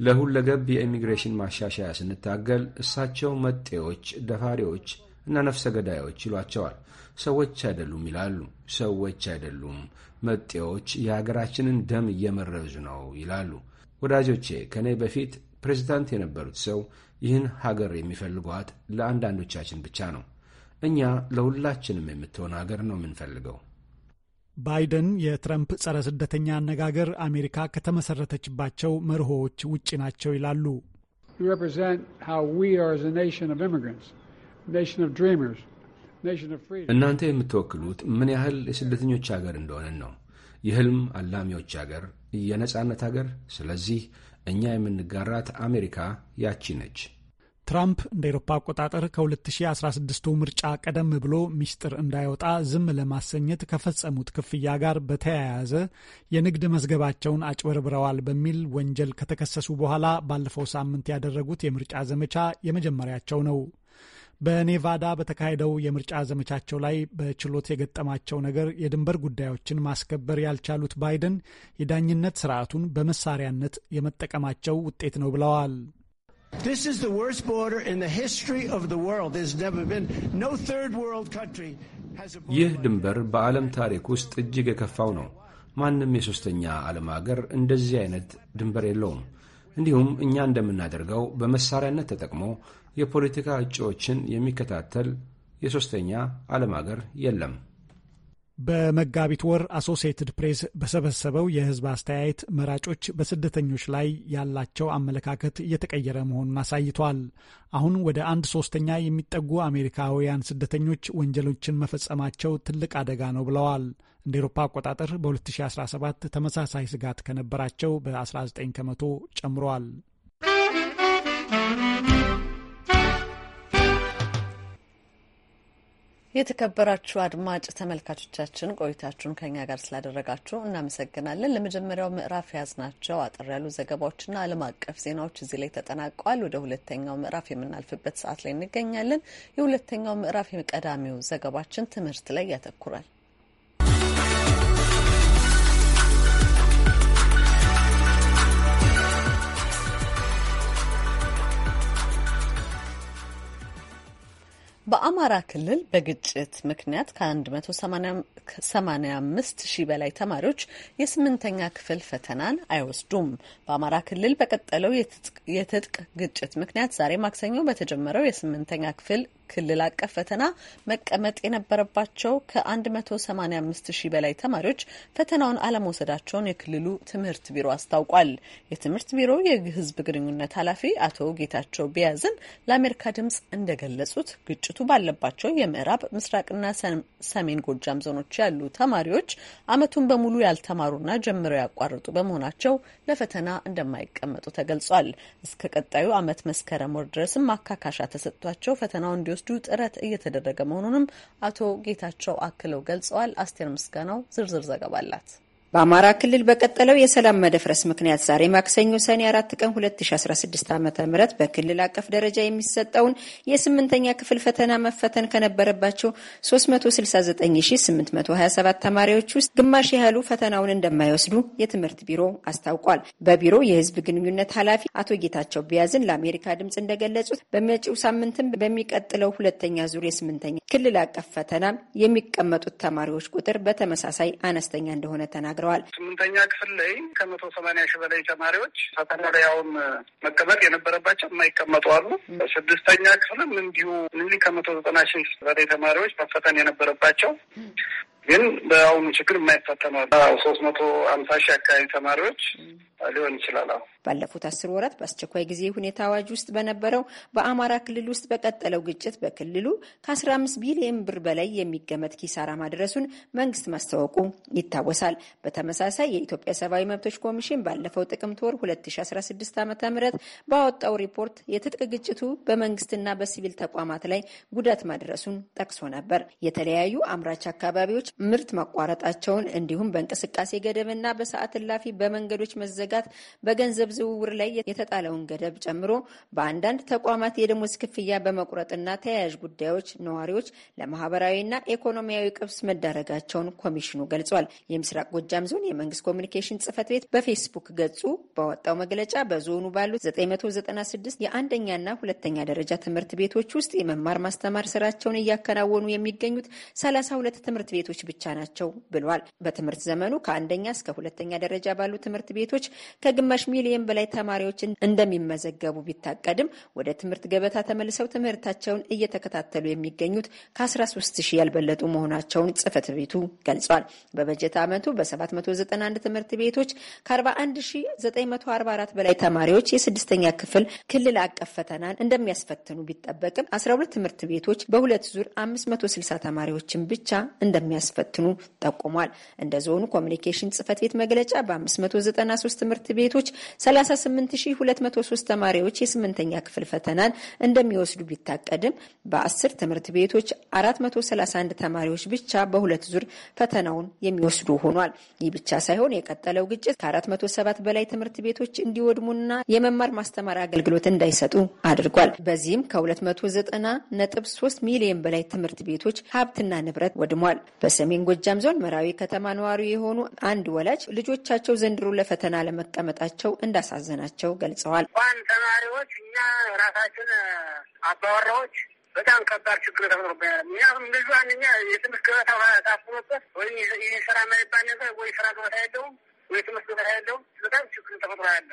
ለሁለገብ የኢሚግሬሽን ማሻሻያ ስንታገል እሳቸው መጤዎች፣ ደፋሪዎች እና ነፍሰ ገዳዮች ይሏቸዋል። ሰዎች አይደሉም ይላሉ። ሰዎች አይደሉም፣ መጤዎች የሀገራችንን ደም እየመረዙ ነው ይላሉ። ወዳጆቼ፣ ከእኔ በፊት ፕሬዝዳንት የነበሩት ሰው ይህን ሀገር የሚፈልጓት ለአንዳንዶቻችን ብቻ ነው። እኛ ለሁላችንም የምትሆን ሀገር ነው የምንፈልገው። ባይደን የትረምፕ ጸረ ስደተኛ አነጋገር አሜሪካ ከተመሰረተችባቸው መርሆዎች ውጭ ናቸው ይላሉ። እናንተ የምትወክሉት ምን ያህል የስደተኞች ሀገር እንደሆነን ነው። የህልም አላሚዎች ሀገር፣ የነጻነት ሀገር። ስለዚህ እኛ የምንጋራት አሜሪካ ያቺ ነች። ትራምፕ እንደ ኤሮፓ አቆጣጠር ከ 2016 ምርጫ ቀደም ብሎ ሚስጥር እንዳይወጣ ዝም ለማሰኘት ከፈጸሙት ክፍያ ጋር በተያያዘ የንግድ መዝገባቸውን አጭበርብረዋል በሚል ወንጀል ከተከሰሱ በኋላ ባለፈው ሳምንት ያደረጉት የምርጫ ዘመቻ የመጀመሪያቸው ነው። በኔቫዳ በተካሄደው የምርጫ ዘመቻቸው ላይ በችሎት የገጠማቸው ነገር የድንበር ጉዳዮችን ማስከበር ያልቻሉት ባይደን የዳኝነት ስርዓቱን በመሳሪያነት የመጠቀማቸው ውጤት ነው ብለዋል። ይህ ድንበር በዓለም ታሪክ ውስጥ እጅግ የከፋው ነው። ማንም የሶስተኛ ዓለም አገር እንደዚህ አይነት ድንበር የለውም። እንዲሁም እኛ እንደምናደርገው በመሳሪያነት ተጠቅሞ የፖለቲካ እጩዎችን የሚከታተል የሶስተኛ ዓለም አገር የለም። በመጋቢት ወር አሶሲየትድ ፕሬስ በሰበሰበው የህዝብ አስተያየት መራጮች በስደተኞች ላይ ያላቸው አመለካከት እየተቀየረ መሆኑን አሳይቷል። አሁን ወደ አንድ ሶስተኛ የሚጠጉ አሜሪካውያን ስደተኞች ወንጀሎችን መፈጸማቸው ትልቅ አደጋ ነው ብለዋል። እንደ ኤሮፓ አቆጣጠር በ2017 ተመሳሳይ ስጋት ከነበራቸው በ19 ከመቶ ጨምሯል። የተከበራችሁ አድማጭ ተመልካቾቻችን ቆይታችሁን ከኛ ጋር ስላደረጋችሁ እናመሰግናለን። ለመጀመሪያው ምዕራፍ የያዝናቸው አጠር ያሉ ዘገባዎችና ዓለም አቀፍ ዜናዎች እዚህ ላይ ተጠናቀዋል። ወደ ሁለተኛው ምዕራፍ የምናልፍበት ሰዓት ላይ እንገኛለን። የሁለተኛው ምዕራፍ የቀዳሚው ዘገባችን ትምህርት ላይ ያተኩራል። በአማራ ክልል በግጭት ምክንያት ከ185 ሺህ በላይ ተማሪዎች የስምንተኛ ክፍል ፈተናን አይወስዱም። በአማራ ክልል በቀጠለው የትጥቅ ግጭት ምክንያት ዛሬ ማክሰኞ በተጀመረው የስምንተኛ ክፍል ክልል አቀፍ ፈተና መቀመጥ የነበረባቸው ከ185 ሺህ በላይ ተማሪዎች ፈተናውን አለመውሰዳቸውን የክልሉ ትምህርት ቢሮ አስታውቋል። የትምህርት ቢሮ የሕዝብ ግንኙነት ኃላፊ አቶ ጌታቸው ቢያዝን ለአሜሪካ ድምጽ እንደገለጹት ግጭቱ ባለባቸው የምዕራብ ምስራቅና ሰሜን ጎጃም ዞኖች ያሉ ተማሪዎች ዓመቱን በሙሉ ያልተማሩና ጀምረው ያቋረጡ በመሆናቸው ለፈተና እንደማይቀመጡ ተገልጿል። እስከ ቀጣዩ ዓመት መስከረም ወር ድረስም ማካካሻ ተሰጥቷቸው ፈተናው እንዲወስ እንዲወስዱ ጥረት እየተደረገ መሆኑንም አቶ ጌታቸው አክለው ገልጸዋል። አስቴር ምስጋናው ዝርዝር ዘገባ አላት። በአማራ ክልል በቀጠለው የሰላም መደፍረስ ምክንያት ዛሬ ማክሰኞ ሰኔ 4 ቀን 2016 ዓ ም በክልል አቀፍ ደረጃ የሚሰጠውን የስምንተኛ ክፍል ፈተና መፈተን ከነበረባቸው 369827 ተማሪዎች ውስጥ ግማሽ ያህሉ ፈተናውን እንደማይወስዱ የትምህርት ቢሮ አስታውቋል። በቢሮ የህዝብ ግንኙነት ኃላፊ አቶ ጌታቸው ቢያዝን ለአሜሪካ ድምፅ እንደገለጹት በመጪው ሳምንትም በሚቀጥለው ሁለተኛ ዙር የስምንተኛ ክልል አቀፍ ፈተና የሚቀመጡት ተማሪዎች ቁጥር በተመሳሳይ አነስተኛ እንደሆነ ተናግረዋል። ተናግረዋል። ስምንተኛ ክፍል ላይ ከመቶ ሰማኒያ ሺህ በላይ ተማሪዎች ፈተናውን መቀመጥ የነበረባቸው የማይቀመጡ አሉ። ስድስተኛ ክፍልም እንዲሁ እነዚህ ከመቶ ዘጠና ሺህ በላይ ተማሪዎች መፈተን የነበረባቸው ግን በአሁኑ ችግር የማይፈታ ሶስት መቶ አምሳ ሺህ አካባቢ ተማሪዎች ሊሆን ይችላል። አሁን ባለፉት አስር ወራት በአስቸኳይ ጊዜ ሁኔታ አዋጅ ውስጥ በነበረው በአማራ ክልል ውስጥ በቀጠለው ግጭት በክልሉ ከአስራ አምስት ቢሊየን ብር በላይ የሚገመት ኪሳራ ማድረሱን መንግስት ማስታወቁ ይታወሳል። በተመሳሳይ የኢትዮጵያ ሰብአዊ መብቶች ኮሚሽን ባለፈው ጥቅምት ወር ሁለት ሺ አስራ ስድስት ዓመተ ባወጣው ሪፖርት የትጥቅ ግጭቱ በመንግስትና በሲቪል ተቋማት ላይ ጉዳት ማድረሱን ጠቅሶ ነበር። የተለያዩ አምራች አካባቢዎች ምርት ማቋረጣቸውን እንዲሁም በእንቅስቃሴ ገደብና በሰዓት እላፊ በመንገዶች መዘጋት በገንዘብ ዝውውር ላይ የተጣለውን ገደብ ጨምሮ በአንዳንድ ተቋማት የደሞዝ ክፍያ በመቁረጥና ተያያዥ ጉዳዮች ነዋሪዎች ለማህበራዊና ኢኮኖሚያዊ ቅብስ መዳረጋቸውን ኮሚሽኑ ገልጿል። የምስራቅ ጎጃም ዞን የመንግስት ኮሚኒኬሽን ጽህፈት ቤት በፌስቡክ ገጹ ባወጣው መግለጫ በዞኑ ባሉት 996 የአንደኛና ሁለተኛ ደረጃ ትምህርት ቤቶች ውስጥ የመማር ማስተማር ስራቸውን እያከናወኑ የሚገኙት 32 ትምህርት ቤቶች ብቻ ናቸው ብሏል። በትምህርት ዘመኑ ከአንደኛ እስከ ሁለተኛ ደረጃ ባሉ ትምህርት ቤቶች ከግማሽ ሚሊዮን በላይ ተማሪዎች እንደሚመዘገቡ ቢታቀድም ወደ ትምህርት ገበታ ተመልሰው ትምህርታቸውን እየተከታተሉ የሚገኙት ከ13 ሺህ ያልበለጡ መሆናቸውን ጽህፈት ቤቱ ገልጿል። በበጀት ዓመቱ በ791 ትምህርት ቤቶች ከ41944 በላይ ተማሪዎች የስድስተኛ ክፍል ክልል አቀፍ ፈተናን እንደሚያስፈትኑ ቢጠበቅም 12 ትምህርት ቤቶች በሁለት ዙር 560 ተማሪዎችን ብቻ እንደሚያስ እንደሚያስፈትኑ ጠቁሟል። እንደ ዞኑ ኮሚኒኬሽን ጽህፈት ቤት መግለጫ በ593 ትምህርት ቤቶች 38203 ተማሪዎች የስምንተኛ ክፍል ፈተናን እንደሚወስዱ ቢታቀድም በ10 ትምህርት ቤቶች 431 ተማሪዎች ብቻ በሁለት ዙር ፈተናውን የሚወስዱ ሆኗል። ይህ ብቻ ሳይሆን የቀጠለው ግጭት ከ407 በላይ ትምህርት ቤቶች እንዲወድሙና የመማር ማስተማር አገልግሎት እንዳይሰጡ አድርጓል። በዚህም ከ290 ነጥብ 3 ሚሊዮን በላይ ትምህርት ቤቶች ሀብትና ንብረት ወድሟል። በሰሜን ጎጃም ዞን መራዊ ከተማ ነዋሪ የሆኑ አንድ ወላጅ ልጆቻቸው ዘንድሮ ለፈተና ለመቀመጣቸው እንዳሳዘናቸው ገልጸዋል። እንኳን ተማሪዎች እኛ ራሳችን አባወራዎች በጣም ከባድ ችግር ተፈጥሮብናል። ምክንያቱም ልጁ አንደኛ የትምህርት ገበታ ታፍኖበት ወይ ይህ ስራ የማይባል ነገር ወይ ስራ ገበታ የለውም ወይ ትምህርት ገበታ የለውም። በጣም ችግር ተፈጥሮ ያለ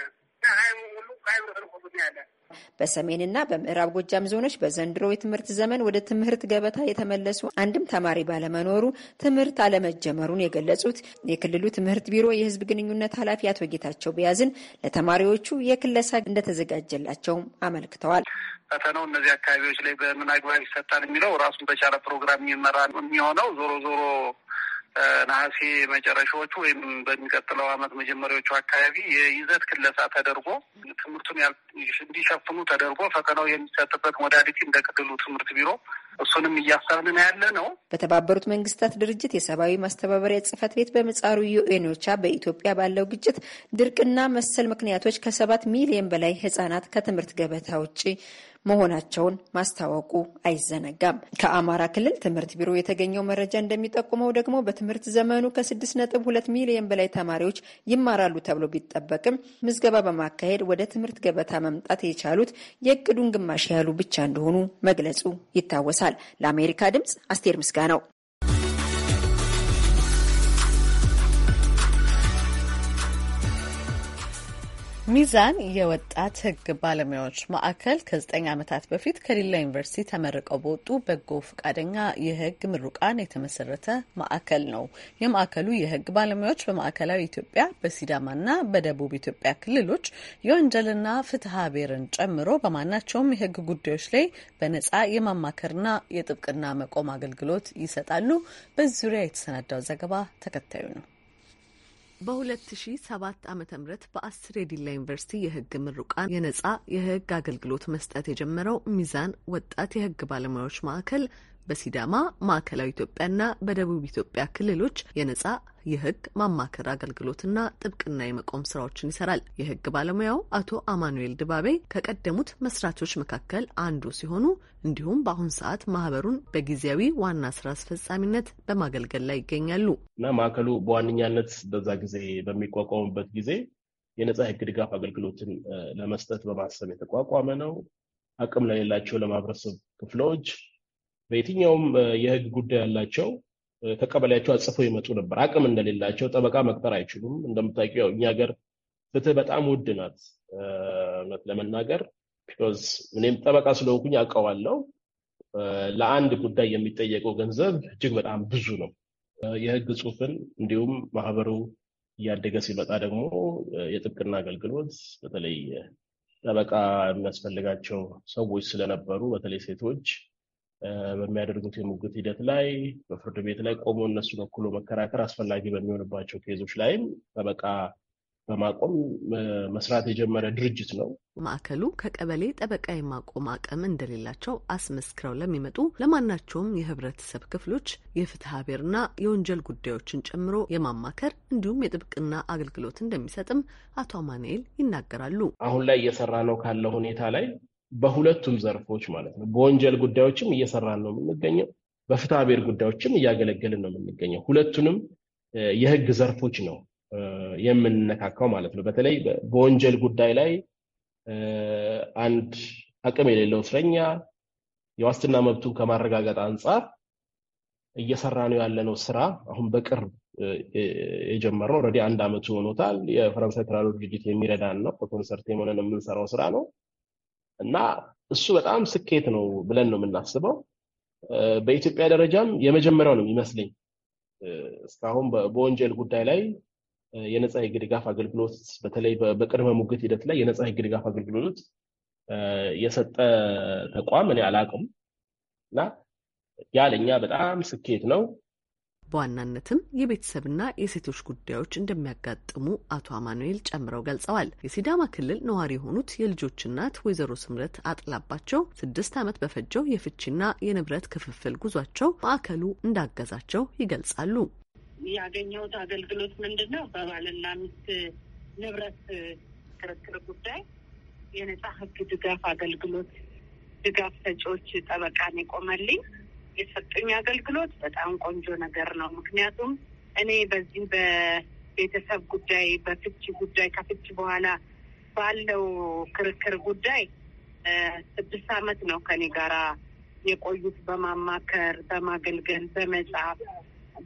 በሰሜንና በምዕራብ ጎጃም ዞኖች በዘንድሮ የትምህርት ዘመን ወደ ትምህርት ገበታ የተመለሱ አንድም ተማሪ ባለመኖሩ ትምህርት አለመጀመሩን የገለጹት የክልሉ ትምህርት ቢሮ የሕዝብ ግንኙነት ኃላፊ አቶ ጌታቸው ቢያዝን ለተማሪዎቹ የክለሳ እንደተዘጋጀላቸውም አመልክተዋል። ፈተናው እነዚህ አካባቢዎች ላይ በምን አግባብ ይሰጣል የሚለው ራሱን በቻለ ፕሮግራም የሚመራ የሚሆነው ዞሮ ዞሮ ነሐሴ መጨረሻዎቹ ወይም በሚቀጥለው ዓመት መጀመሪያዎቹ አካባቢ የይዘት ክለሳ ተደርጎ ትምህርቱን እንዲሸፍኑ ተደርጎ ፈተናው የሚሰጥበት ሞዳሊቲ እንደ ክልሉ ትምህርት ቢሮ እሱንም እያሳብን ያለ ነው። በተባበሩት መንግስታት ድርጅት የሰብአዊ ማስተባበሪያ ጽህፈት ቤት በምጻሩ ዩኤኖቻ በኢትዮጵያ ባለው ግጭት፣ ድርቅና መሰል ምክንያቶች ከሰባት ሚሊዮን በላይ ህጻናት ከትምህርት ገበታ ውጪ። መሆናቸውን ማስታወቁ አይዘነጋም። ከአማራ ክልል ትምህርት ቢሮ የተገኘው መረጃ እንደሚጠቁመው ደግሞ በትምህርት ዘመኑ ከ6.2 ሁለት ሚሊዮን በላይ ተማሪዎች ይማራሉ ተብሎ ቢጠበቅም ምዝገባ በማካሄድ ወደ ትምህርት ገበታ መምጣት የቻሉት የእቅዱን ግማሽ ያህሉ ብቻ እንደሆኑ መግለጹ ይታወሳል። ለአሜሪካ ድምጽ አስቴር ምስጋ ነው። ሚዛን የወጣት ሕግ ባለሙያዎች ማዕከል ከዘጠኝ ዓመታት በፊት ከሌላ ዩኒቨርሲቲ ተመርቀው በወጡ በጎ ፈቃደኛ የሕግ ምሩቃን የተመሰረተ ማዕከል ነው። የማዕከሉ የሕግ ባለሙያዎች በማዕከላዊ ኢትዮጵያ በሲዳማና በደቡብ ኢትዮጵያ ክልሎች የወንጀልና ፍትሐ ብሔርን ጨምሮ በማናቸውም የሕግ ጉዳዮች ላይ በነጻ የማማከርና የጥብቅና መቆም አገልግሎት ይሰጣሉ። በዙሪያ የተሰናዳው ዘገባ ተከታዩ ነው። በ2007 ዓ ም በአስር የዲላ ዩኒቨርሲቲ የህግ ምሩቃን የነጻ የህግ አገልግሎት መስጠት የጀመረው ሚዛን ወጣት የህግ ባለሙያዎች ማዕከል በሲዳማ ማዕከላዊ ኢትዮጵያና በደቡብ ኢትዮጵያ ክልሎች የነጻ የህግ ማማከር አገልግሎትና ጥብቅና የመቆም ስራዎችን ይሰራል። የህግ ባለሙያው አቶ አማኑኤል ድባቤ ከቀደሙት መስራቾች መካከል አንዱ ሲሆኑ እንዲሁም በአሁን ሰዓት ማህበሩን በጊዜያዊ ዋና ስራ አስፈጻሚነት በማገልገል ላይ ይገኛሉ እና ማዕከሉ በዋነኛነት በዛ ጊዜ በሚቋቋሙበት ጊዜ የነፃ ህግ ድጋፍ አገልግሎትን ለመስጠት በማሰብ የተቋቋመ ነው። አቅም ለሌላቸው ለማህበረሰብ ክፍሎች በየትኛውም የህግ ጉዳይ ያላቸው ከቀበሌያቸው አጽፈው ይመጡ ነበር። አቅም እንደሌላቸው ጠበቃ መቅጠር አይችሉም። እንደምታውቂው ያው እኛ ሀገር ፍትህ በጣም ውድ ናት። እውነት ለመናገር ቢኮዝ እኔም ጠበቃ ስለሆንኩኝ አውቀዋለሁ። ለአንድ ጉዳይ የሚጠየቀው ገንዘብ እጅግ በጣም ብዙ ነው። የህግ ጽሁፍን እንዲሁም ማህበሩ እያደገ ሲመጣ ደግሞ የጥብቅና አገልግሎት በተለይ ጠበቃ የሚያስፈልጋቸው ሰዎች ስለነበሩ በተለይ ሴቶች በሚያደርጉት የሙግት ሂደት ላይ በፍርድ ቤት ላይ ቆሞ እነሱ በኩሎ መከራከር አስፈላጊ በሚሆንባቸው ኬዞች ላይም ጠበቃ በማቆም መስራት የጀመረ ድርጅት ነው። ማዕከሉ ከቀበሌ ጠበቃ የማቆም አቅም እንደሌላቸው አስመስክረው ለሚመጡ ለማናቸውም የህብረተሰብ ክፍሎች የፍትሐ ብሔርና የወንጀል ጉዳዮችን ጨምሮ የማማከር እንዲሁም የጥብቅና አገልግሎት እንደሚሰጥም አቶ አማንኤል ይናገራሉ። አሁን ላይ እየሰራ ነው ካለው ሁኔታ ላይ በሁለቱም ዘርፎች ማለት ነው። በወንጀል ጉዳዮችም እየሰራን ነው የምንገኘው፣ በፍትሐ ብሔር ጉዳዮችም እያገለገልን ነው የምንገኘው። ሁለቱንም የህግ ዘርፎች ነው የምንነካካው ማለት ነው። በተለይ በወንጀል ጉዳይ ላይ አንድ አቅም የሌለው እስረኛ የዋስትና መብቱን ከማረጋገጥ አንጻር እየሰራ ነው ያለነው ስራ አሁን በቅርብ የጀመርነው ኦልሬዲ አንድ አመቱ ሆኖታል። የፈረንሳይ ትራሎ ድርጅት የሚረዳን ነው። በኮንሰርት የሆነን የምንሰራው ስራ ነው። እና እሱ በጣም ስኬት ነው ብለን ነው የምናስበው። በኢትዮጵያ ደረጃም የመጀመሪያው ነው የሚመስለኝ እስካሁን በወንጀል ጉዳይ ላይ የነፃ የህግ ድጋፍ አገልግሎት በተለይ በቅድመ ሙግት ሂደት ላይ የነፃ የህግ ድጋፍ አገልግሎት የሰጠ ተቋም እኔ አላውቅም እና ያ ለእኛ በጣም ስኬት ነው። በዋናነትም የቤተሰብና የሴቶች ጉዳዮች እንደሚያጋጥሙ አቶ አማኑኤል ጨምረው ገልጸዋል። የሲዳማ ክልል ነዋሪ የሆኑት የልጆች እናት ወይዘሮ ስምረት አጥላባቸው ስድስት ዓመት በፈጀው የፍቺና የንብረት ክፍፍል ጉዟቸው ማዕከሉ እንዳገዛቸው ይገልጻሉ። ያገኘሁት አገልግሎት ምንድን ነው? በባልና ሚስት ንብረት ክርክር ጉዳይ የነጻ ሕግ ድጋፍ አገልግሎት ድጋፍ ሰጪዎች ጠበቃን የቆመልኝ የሰጡኝ አገልግሎት በጣም ቆንጆ ነገር ነው። ምክንያቱም እኔ በዚህ በቤተሰብ ጉዳይ፣ በፍቺ ጉዳይ ከፍቺ በኋላ ባለው ክርክር ጉዳይ ስድስት አመት ነው ከኔ ጋራ የቆዩት በማማከር በማገልገል፣ በመጻፍ፣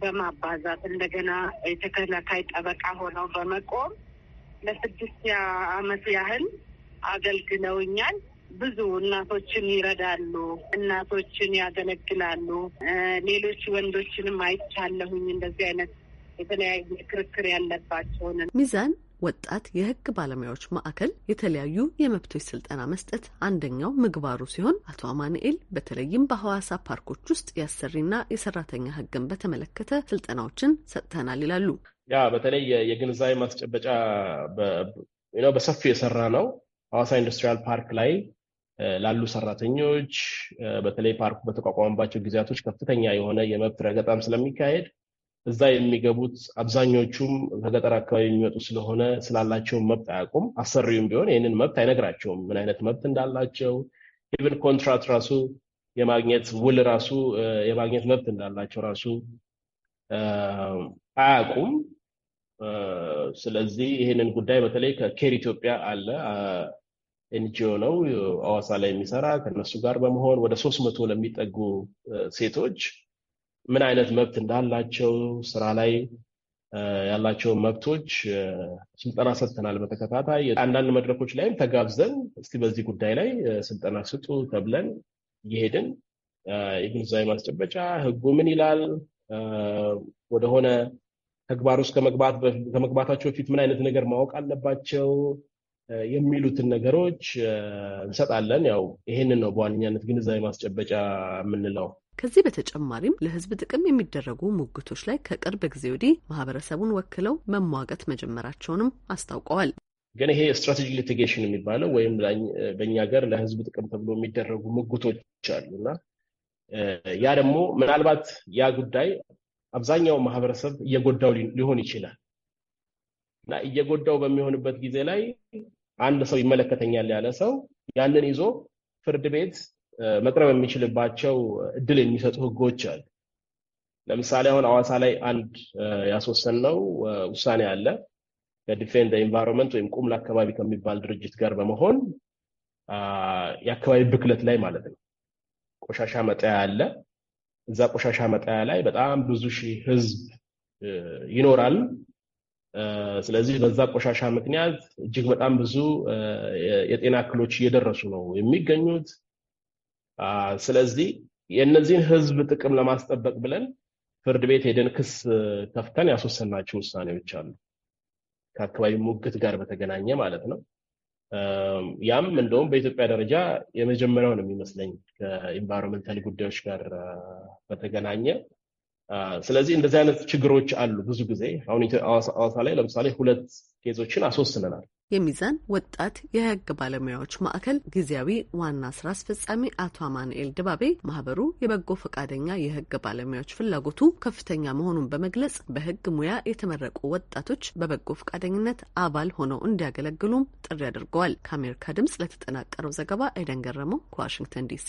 በማባዛት እንደገና የተከላካይ ጠበቃ ሆነው በመቆም ለስድስት አመት ያህል አገልግለውኛል። ብዙ እናቶችን ይረዳሉ፣ እናቶችን ያገለግላሉ። ሌሎች ወንዶችንም አይቻለሁኝ እንደዚህ አይነት የተለያዩ ክርክር ያለባቸውን ሚዛን ወጣት የሕግ ባለሙያዎች ማዕከል የተለያዩ የመብቶች ስልጠና መስጠት አንደኛው ምግባሩ ሲሆን አቶ አማንኤል በተለይም በሐዋሳ ፓርኮች ውስጥ የአሰሪና የሰራተኛ ሕግን በተመለከተ ስልጠናዎችን ሰጥተናል ይላሉ። ያ በተለይ የግንዛቤ ማስጨበጫ በሰፊው የሰራ ነው። ሐዋሳ ኢንዱስትሪያል ፓርክ ላይ ላሉ ሰራተኞች በተለይ ፓርኩ በተቋቋመባቸው ጊዜያቶች ከፍተኛ የሆነ የመብት ረገጣም ስለሚካሄድ እዛ የሚገቡት አብዛኞቹም ከገጠር አካባቢ የሚመጡ ስለሆነ ስላላቸውን መብት አያውቁም። አሰሪውም ቢሆን ይህንን መብት አይነግራቸውም፣ ምን አይነት መብት እንዳላቸው ኢቨን ኮንትራት ራሱ የማግኘት ውል ራሱ የማግኘት መብት እንዳላቸው ራሱ አያውቁም። ስለዚህ ይህንን ጉዳይ በተለይ ከኬር ኢትዮጵያ አለ ኤንጂኦ ነው አዋሳ ላይ የሚሰራ ከነሱ ጋር በመሆን ወደ ሶስት መቶ ለሚጠጉ ሴቶች ምን አይነት መብት እንዳላቸው ስራ ላይ ያላቸው መብቶች ስልጠና ሰጥተናል። በተከታታይ አንዳንድ መድረኮች ላይም ተጋብዘን እስቲ በዚህ ጉዳይ ላይ ስልጠና ስጡ ተብለን እየሄድን የግንዛቤ ማስጨበጫ ህጉ ምን ይላል፣ ወደሆነ ተግባር ውስጥ ከመግባታቸው በፊት ምን አይነት ነገር ማወቅ አለባቸው፣ የሚሉትን ነገሮች እንሰጣለን። ያው ይሄንን ነው በዋነኛነት ግንዛቤ ማስጨበጫ የምንለው። ከዚህ በተጨማሪም ለሕዝብ ጥቅም የሚደረጉ ሙግቶች ላይ ከቅርብ ጊዜ ወዲህ ማህበረሰቡን ወክለው መሟገት መጀመራቸውንም አስታውቀዋል። ግን ይሄ ስትራቴጂ ሊቲጌሽን የሚባለው ወይም በእኛ ሀገር ለሕዝብ ጥቅም ተብሎ የሚደረጉ ሙግቶች አሉ እና ያ ደግሞ ምናልባት ያ ጉዳይ አብዛኛው ማህበረሰብ እየጎዳው ሊሆን ይችላል እና እየጎዳው በሚሆንበት ጊዜ ላይ አንድ ሰው ይመለከተኛል ያለ ሰው ያንን ይዞ ፍርድ ቤት መቅረብ የሚችልባቸው እድል የሚሰጡ ህጎች አሉ። ለምሳሌ አሁን አዋሳ ላይ አንድ ነው። ውሳኔ አለ። ከዲፌንድ ኤንቫይሮንመንት ወይም ቁምላ አካባቢ ከሚባል ድርጅት ጋር በመሆን የአካባቢ ብክለት ላይ ማለት ነው ቆሻሻ መጣያ አለ። እዛ ቆሻሻ መጣያ ላይ በጣም ብዙ ሺህ ህዝብ ይኖራል። ስለዚህ በዛ ቆሻሻ ምክንያት እጅግ በጣም ብዙ የጤና እክሎች እየደረሱ ነው የሚገኙት። ስለዚህ የእነዚህን ህዝብ ጥቅም ለማስጠበቅ ብለን ፍርድ ቤት ሄደን ክስ ከፍተን ያስወሰናቸው ውሳኔዎች አሉ። ከአካባቢ ሙግት ጋር በተገናኘ ማለት ነው። ያም እንደውም በኢትዮጵያ ደረጃ የመጀመሪያው ነው የሚመስለኝ ከኢንቫይሮንመንታል ጉዳዮች ጋር በተገናኘ ስለዚህ እንደዚህ አይነት ችግሮች አሉ። ብዙ ጊዜ አሁን አዋሳ ላይ ለምሳሌ ሁለት ኬዞችን አስወስነናል። የሚዛን ወጣት የህግ ባለሙያዎች ማዕከል ጊዜያዊ ዋና ስራ አስፈጻሚ አቶ አማንኤል ድባቤ ማህበሩ የበጎ ፈቃደኛ የህግ ባለሙያዎች ፍላጎቱ ከፍተኛ መሆኑን በመግለጽ በሕግ ሙያ የተመረቁ ወጣቶች በበጎ ፈቃደኝነት አባል ሆነው እንዲያገለግሉም ጥሪ አድርገዋል። ከአሜሪካ ድምጽ ለተጠናቀረው ዘገባ ኤደን ገረመው ከዋሽንግተን ዲሲ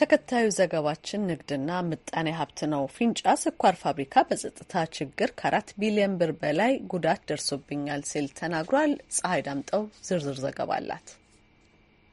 ተከታዩ ዘገባችን ንግድና ምጣኔ ሀብት ነው። ፊንጫ ስኳር ፋብሪካ በጸጥታ ችግር ከአራት ቢሊዮን ብር በላይ ጉዳት ደርሶብኛል ሲል ተናግሯል። ፀሐይ ዳምጠው ዝርዝር ዘገባ አላት።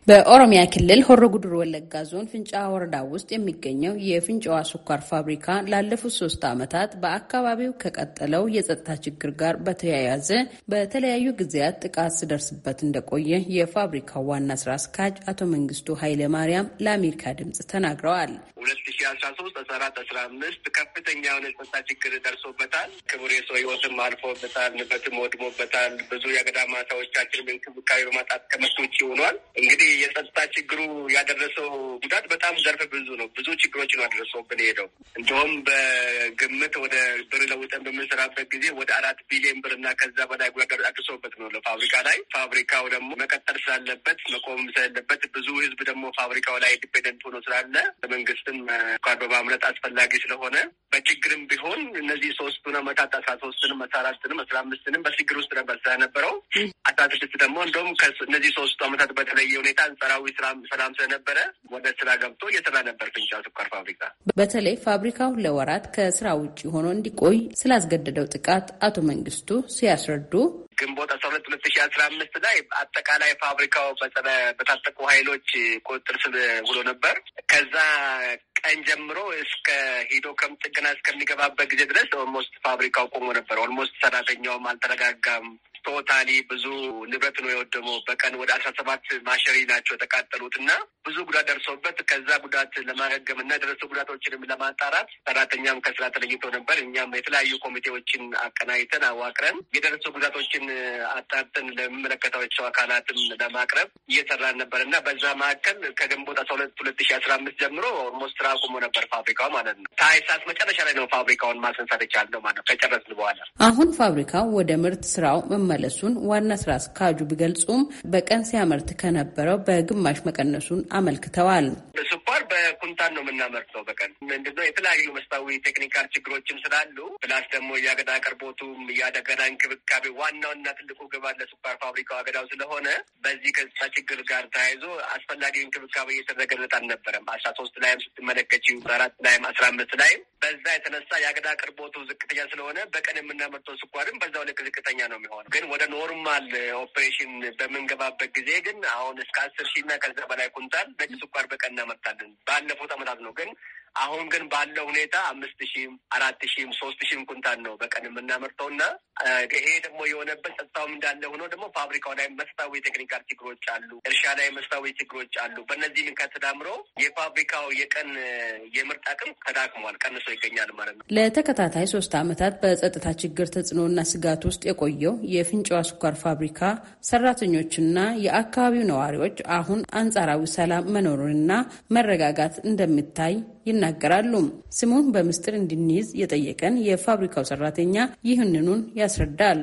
በኦሮሚያ ክልል ሆሮ ጉድሩ ወለጋ ዞን ፍንጫ ወረዳ ውስጥ የሚገኘው የፍንጫዋ ስኳር ፋብሪካ ላለፉት ሶስት ዓመታት በአካባቢው ከቀጠለው የጸጥታ ችግር ጋር በተያያዘ በተለያዩ ጊዜያት ጥቃት ስደርስበት እንደቆየ የፋብሪካው ዋና ስራ አስኪያጅ አቶ መንግስቱ ኃይለ ማርያም ለአሜሪካ ድምጽ ተናግረዋል። ሁለት ሺ አስራ ሶስት አስራ አምስት ከፍተኛ የሆነ ጸጥታ ችግር ደርሶበታል። ክቡር የሰው ህይወትም አልፎበታል፣ ንብረትም ወድሞበታል። ብዙ የአገዳ ማሳዎቻችን እንክብካቤ በማጣት ከመስቶች ይሆኗል እንግዲህ የጸጥታ ችግሩ ያደረሰው ጉዳት በጣም ዘርፍ ብዙ ነው። ብዙ ችግሮች ነው ያደረሰውብን የሄደው። እንደውም በግምት ወደ ብር ለውጠን በምንሰራበት ጊዜ ወደ አራት ቢሊዮን ብር እና ከዛ በላይ ጉዳት አድርሰውበት ነው ለፋብሪካ ላይ። ፋብሪካው ደግሞ መቀጠል ስላለበት መቆም ስላለበት ብዙ ህዝብ ደግሞ ፋብሪካው ላይ ዲፔንደንት ሆኖ ስላለ ለመንግስትም እንኳን በማምረት አስፈላጊ ስለሆነ በችግርም ቢሆን እነዚህ ሶስቱን አመታት አስራ ሶስትንም አስራ አራትንም አስራ አምስትንም በችግር ውስጥ ነበር ስለነበረው አስራ ስድስት ደግሞ እንደውም ከእነዚህ ሶስቱ አመታት በተለየ ሁኔታ አንጸራዊ ሰላም ስለነበረ ወደ ስራ ገብቶ እየሰራ ነበር ፍንጫ ስኳር ፋብሪካ። በተለይ ፋብሪካው ለወራት ከስራ ውጭ ሆኖ እንዲቆይ ስላስገደደው ጥቃት አቶ መንግስቱ ሲያስረዱ ግንቦት አስራ ሁለት ሁለት ሺ አስራ አምስት ላይ አጠቃላይ ፋብሪካው በጸረ በታጠቁ ኃይሎች ቁጥጥር ስር ውሎ ነበር። ከዛ ቀን ጀምሮ እስከ ሂዶ ከምጥገና እስከሚገባበት ጊዜ ድረስ ኦልሞስት ፋብሪካው ቆሞ ነበር። ኦልሞስት ሰራተኛውም አልተረጋጋም። ቶታሊ ብዙ ንብረት ነው የወደመው። በቀን ወደ አስራ ሰባት ማሸሪ ናቸው የተቃጠሉት እና ብዙ ጉዳት ደርሶበት ከዛ ጉዳት ለማገገም እና የደረሱ ጉዳቶችንም ለማጣራት ሰራተኛም ከስራ ተለይቶ ነበር። እኛም የተለያዩ ኮሚቴዎችን አቀናይተን አዋቅረን የደረሱ ጉዳቶችን አጣርተን ለሚመለከታቸው አካላትም ለማቅረብ እየሰራን ነበር እና በዛ መካከል ከግንቦት አስራ ሁለት ሁለት ሺ አስራ አምስት ጀምሮ ኦልሞስት ስራ አቁሞ ነበር ፋብሪካው ማለት ነው። ታይሳት መጨረሻ ላይ ነው ፋብሪካውን ማሰንሳት የቻልነው ማለት ነው ከጨረስን በኋላ አሁን ፋብሪካው ወደ ምርት ስራው መመ መመለሱን ዋና ስራ አስኪያጁ ቢገልጹም በቀን ሲያመርት ከነበረው በግማሽ መቀነሱን አመልክተዋል። ስኳር በኩንታን ነው የምናመርተው በቀን ምንድነው የተለያዩ መስታዊ ቴክኒካል ችግሮችም ስላሉ ፕላስ ደግሞ የአገዳ አቅርቦቱም የአገዳ እንክብካቤ ዋናውና ትልቁ ግባት ለስኳር ፋብሪካው አገዳው ስለሆነ በዚህ ከዛ ችግር ጋር ተያይዞ አስፈላጊ እንክብካቤ እየተደረገለት አልነበረም። አስራ ሶስት ላይም ስትመለከች አራት ላይም አስራ አምስት ላይም በዛ የተነሳ የአገዳ አቅርቦቱ ዝቅተኛ ስለሆነ በቀን የምናመርተው ስኳርም በዛው ልክ ዝቅተኛ ነው የሚሆነው። ግን ግን ወደ ኖርማል ኦፕሬሽን በምንገባበት ጊዜ ግን አሁን እስከ አስር ሺህ እና ከዛ በላይ ኩንታል ነጭ ስኳር በቀን እናመርታለን። ባለፉት አመታት ነው ግን አሁን ግን ባለው ሁኔታ አምስት ሺህም አራት ሺህም ሶስት ሺህም ኩንታል ነው በቀን የምናመርተው እና ይሄ ደግሞ የሆነበት ጸጥታውም እንዳለ ሆኖ ደግሞ ፋብሪካው ላይ መስታዊ ቴክኒካል ችግሮች አሉ፣ እርሻ ላይ መስታዊ ችግሮች አሉ። በእነዚህም ከተዳምሮ የፋብሪካው የቀን የምርት አቅም ተዳክሟል፣ ቀንሶ ይገኛል ማለት ነው። ለተከታታይ ሶስት ዓመታት በጸጥታ ችግር ተጽዕኖና ስጋት ውስጥ የቆየው የፍንጫዋ ስኳር ፋብሪካ ሰራተኞችና የአካባቢው ነዋሪዎች አሁን አንጻራዊ ሰላም መኖሩንና መረጋጋት እንደሚታይ ይናገራሉ። ስሙን በምስጢር እንድንይዝ የጠየቀን የፋብሪካው ሰራተኛ ይህንኑን ያስረዳል።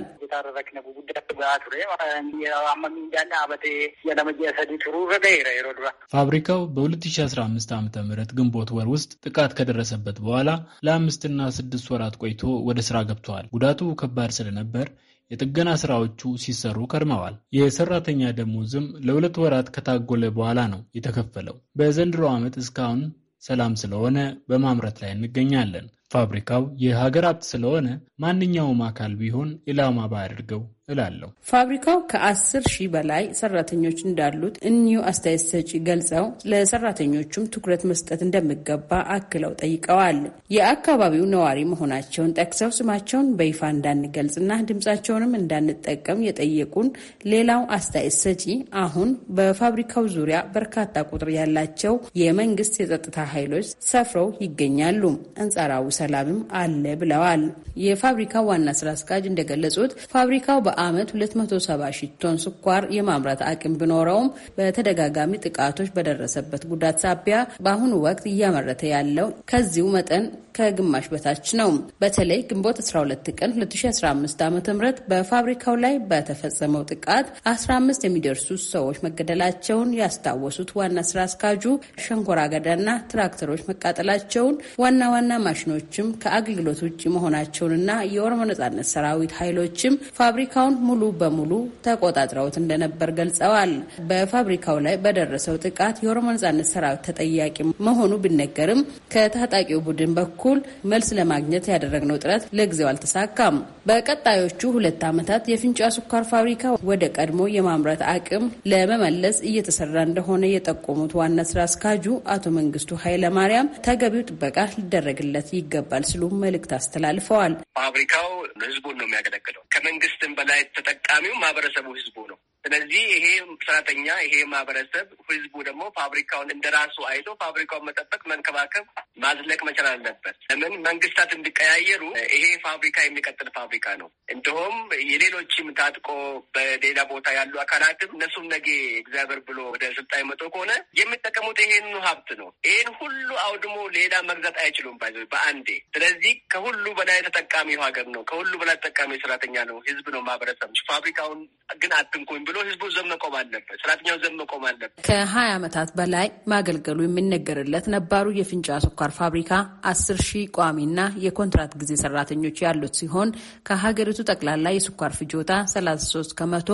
ፋብሪካው በ2015 ዓ ም ግንቦት ወር ውስጥ ጥቃት ከደረሰበት በኋላ ለአምስትና ስድስት ወራት ቆይቶ ወደ ስራ ገብተዋል። ጉዳቱ ከባድ ስለነበር የጥገና ስራዎቹ ሲሰሩ ከርመዋል። የሰራተኛ ደሞዝም ለሁለት ወራት ከታጎለ በኋላ ነው የተከፈለው። በዘንድሮ ዓመት እስካሁን ሰላም ስለሆነ በማምረት ላይ እንገኛለን ፋብሪካው የሀገር ሀብት ስለሆነ ማንኛውም አካል ቢሆን ኢላማ ባያደርገው እላለሁ። ፋብሪካው ከአስር ሺህ በላይ ሰራተኞች እንዳሉት እኚሁ አስተያየት ሰጪ ገልጸው ለሰራተኞቹም ትኩረት መስጠት እንደሚገባ አክለው ጠይቀዋል። የአካባቢው ነዋሪ መሆናቸውን ጠቅሰው ስማቸውን በይፋ እንዳንገልጽና ድምጻቸውንም እንዳንጠቀም የጠየቁን ሌላው አስተያየት ሰጪ አሁን በፋብሪካው ዙሪያ በርካታ ቁጥር ያላቸው የመንግስት የጸጥታ ኃይሎች ሰፍረው ይገኛሉ። አንጻራዊ ሰላምም አለ ብለዋል። የፋብሪካው ዋና ስራ አስኪያጅ እንደገለጹት ፋብሪካው በአመት 270 ሺህ ቶን ስኳር የማምረት አቅም ቢኖረውም በተደጋጋሚ ጥቃቶች በደረሰበት ጉዳት ሳቢያ በአሁኑ ወቅት እያመረተ ያለው ከዚሁ መጠን ከግማሽ በታች ነው። በተለይ ግንቦት 12 ቀን 2015 ዓ በፋብሪካው ላይ በተፈጸመው ጥቃት 15 የሚደርሱ ሰዎች መገደላቸውን ያስታወሱት ዋና ስራ አስካጁ ሸንኮራ አገዳና ትራክተሮች መቃጠላቸውን፣ ዋና ዋና ማሽኖችም ከአገልግሎት ውጭ መሆናቸውንና የኦሮሞ ነጻነት ሰራዊት ኃይሎችም ፋብሪካውን ሙሉ በሙሉ ተቆጣጥረውት እንደነበር ገልጸዋል። በፋብሪካው ላይ በደረሰው ጥቃት የኦሮሞ ነጻነት ሰራዊት ተጠያቂ መሆኑ ቢነገርም ከታጣቂው ቡድን በኩል በኩል መልስ ለማግኘት ያደረግነው ጥረት ለጊዜው አልተሳካም። በቀጣዮቹ ሁለት ዓመታት የፍንጫ ስኳር ፋብሪካ ወደ ቀድሞ የማምረት አቅም ለመመለስ እየተሰራ እንደሆነ የጠቆሙት ዋና ስራ አስኪያጁ አቶ መንግስቱ ኃይለማርያም ተገቢው ጥበቃ ሊደረግለት ይገባል ሲሉ መልእክት አስተላልፈዋል። ፋብሪካው ህዝቡን ነው የሚያገለግለው። ከመንግስትም በላይ ተጠቃሚው ማህበረሰቡ ህዝቡ ነው። ስለዚህ ይሄ ሰራተኛ ይሄ ማህበረሰብ ህዝቡ ደግሞ ፋብሪካውን እንደራሱ አይቶ ፋብሪካውን መጠበቅ፣ መንከባከብ፣ ማዝለቅ መቻል አለበት። ለምን መንግስታት እንዲቀያየሩ ይሄ ፋብሪካ የሚቀጥል ፋብሪካ ነው። እንደውም የሌሎችም ታጥቆ በሌላ ቦታ ያሉ አካላትም እነሱም ነገ እግዚአብሔር ብሎ ወደ ስልጣን መጥቶ ከሆነ የሚጠቀሙት ይሄን ሀብት ነው። ይሄን ሁሉ አውድሞ ሌላ መግዛት አይችሉም ባይ በአንዴ። ስለዚህ ከሁሉ በላይ ተጠቃሚ ሀገር ነው። ከሁሉ በላይ ተጠቃሚ ሰራተኛ ነው፣ ህዝብ ነው፣ ማህበረሰብ ፋብሪካውን ግን አትንኩኝ ብሎ ህዝቡ ዘብ መቆም አለበት፣ ሰራተኛው ዘብ መቆም አለበት። ከሀያ ዓመታት በላይ ማገልገሉ የሚነገርለት ነባሩ የፍንጫ ስኳር ፋብሪካ አስር ሺህ ቋሚና የኮንትራት ጊዜ ሰራተኞች ያሉት ሲሆን ከሀገሪቱ ጠቅላላ የስኳር ፍጆታ ሰላሳ ሶስት ከመቶ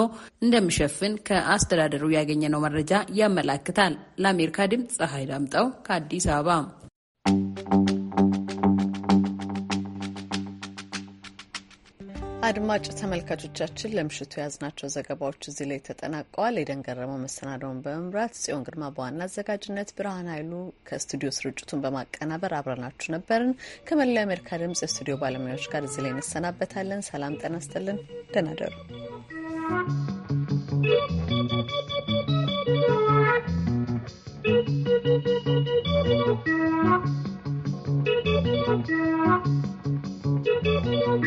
እንደሚሸፍን ከአስተዳደሩ ያገኘነው መረጃ ያመላክታል። ለአሜሪካ ድምፅ ፀሐይ ዳምጠው ከአዲስ አበባ አድማጭ ተመልካቾቻችን ለምሽቱ የያዝናቸው ዘገባዎች እዚህ ላይ ተጠናቀዋል። የደን ገረመው መሰናዳውን በመምራት ጽዮን ግርማ በዋና አዘጋጅነት፣ ብርሃን ኃይሉ ከስቱዲዮ ስርጭቱን በማቀናበር አብረናችሁ ነበርን። ከመላው የአሜሪካ ድምጽ የስቱዲዮ ባለሙያዎች ጋር እዚህ ላይ እንሰናበታለን። ሰላም ጤና ይስጥልን። ደህና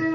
ደሩ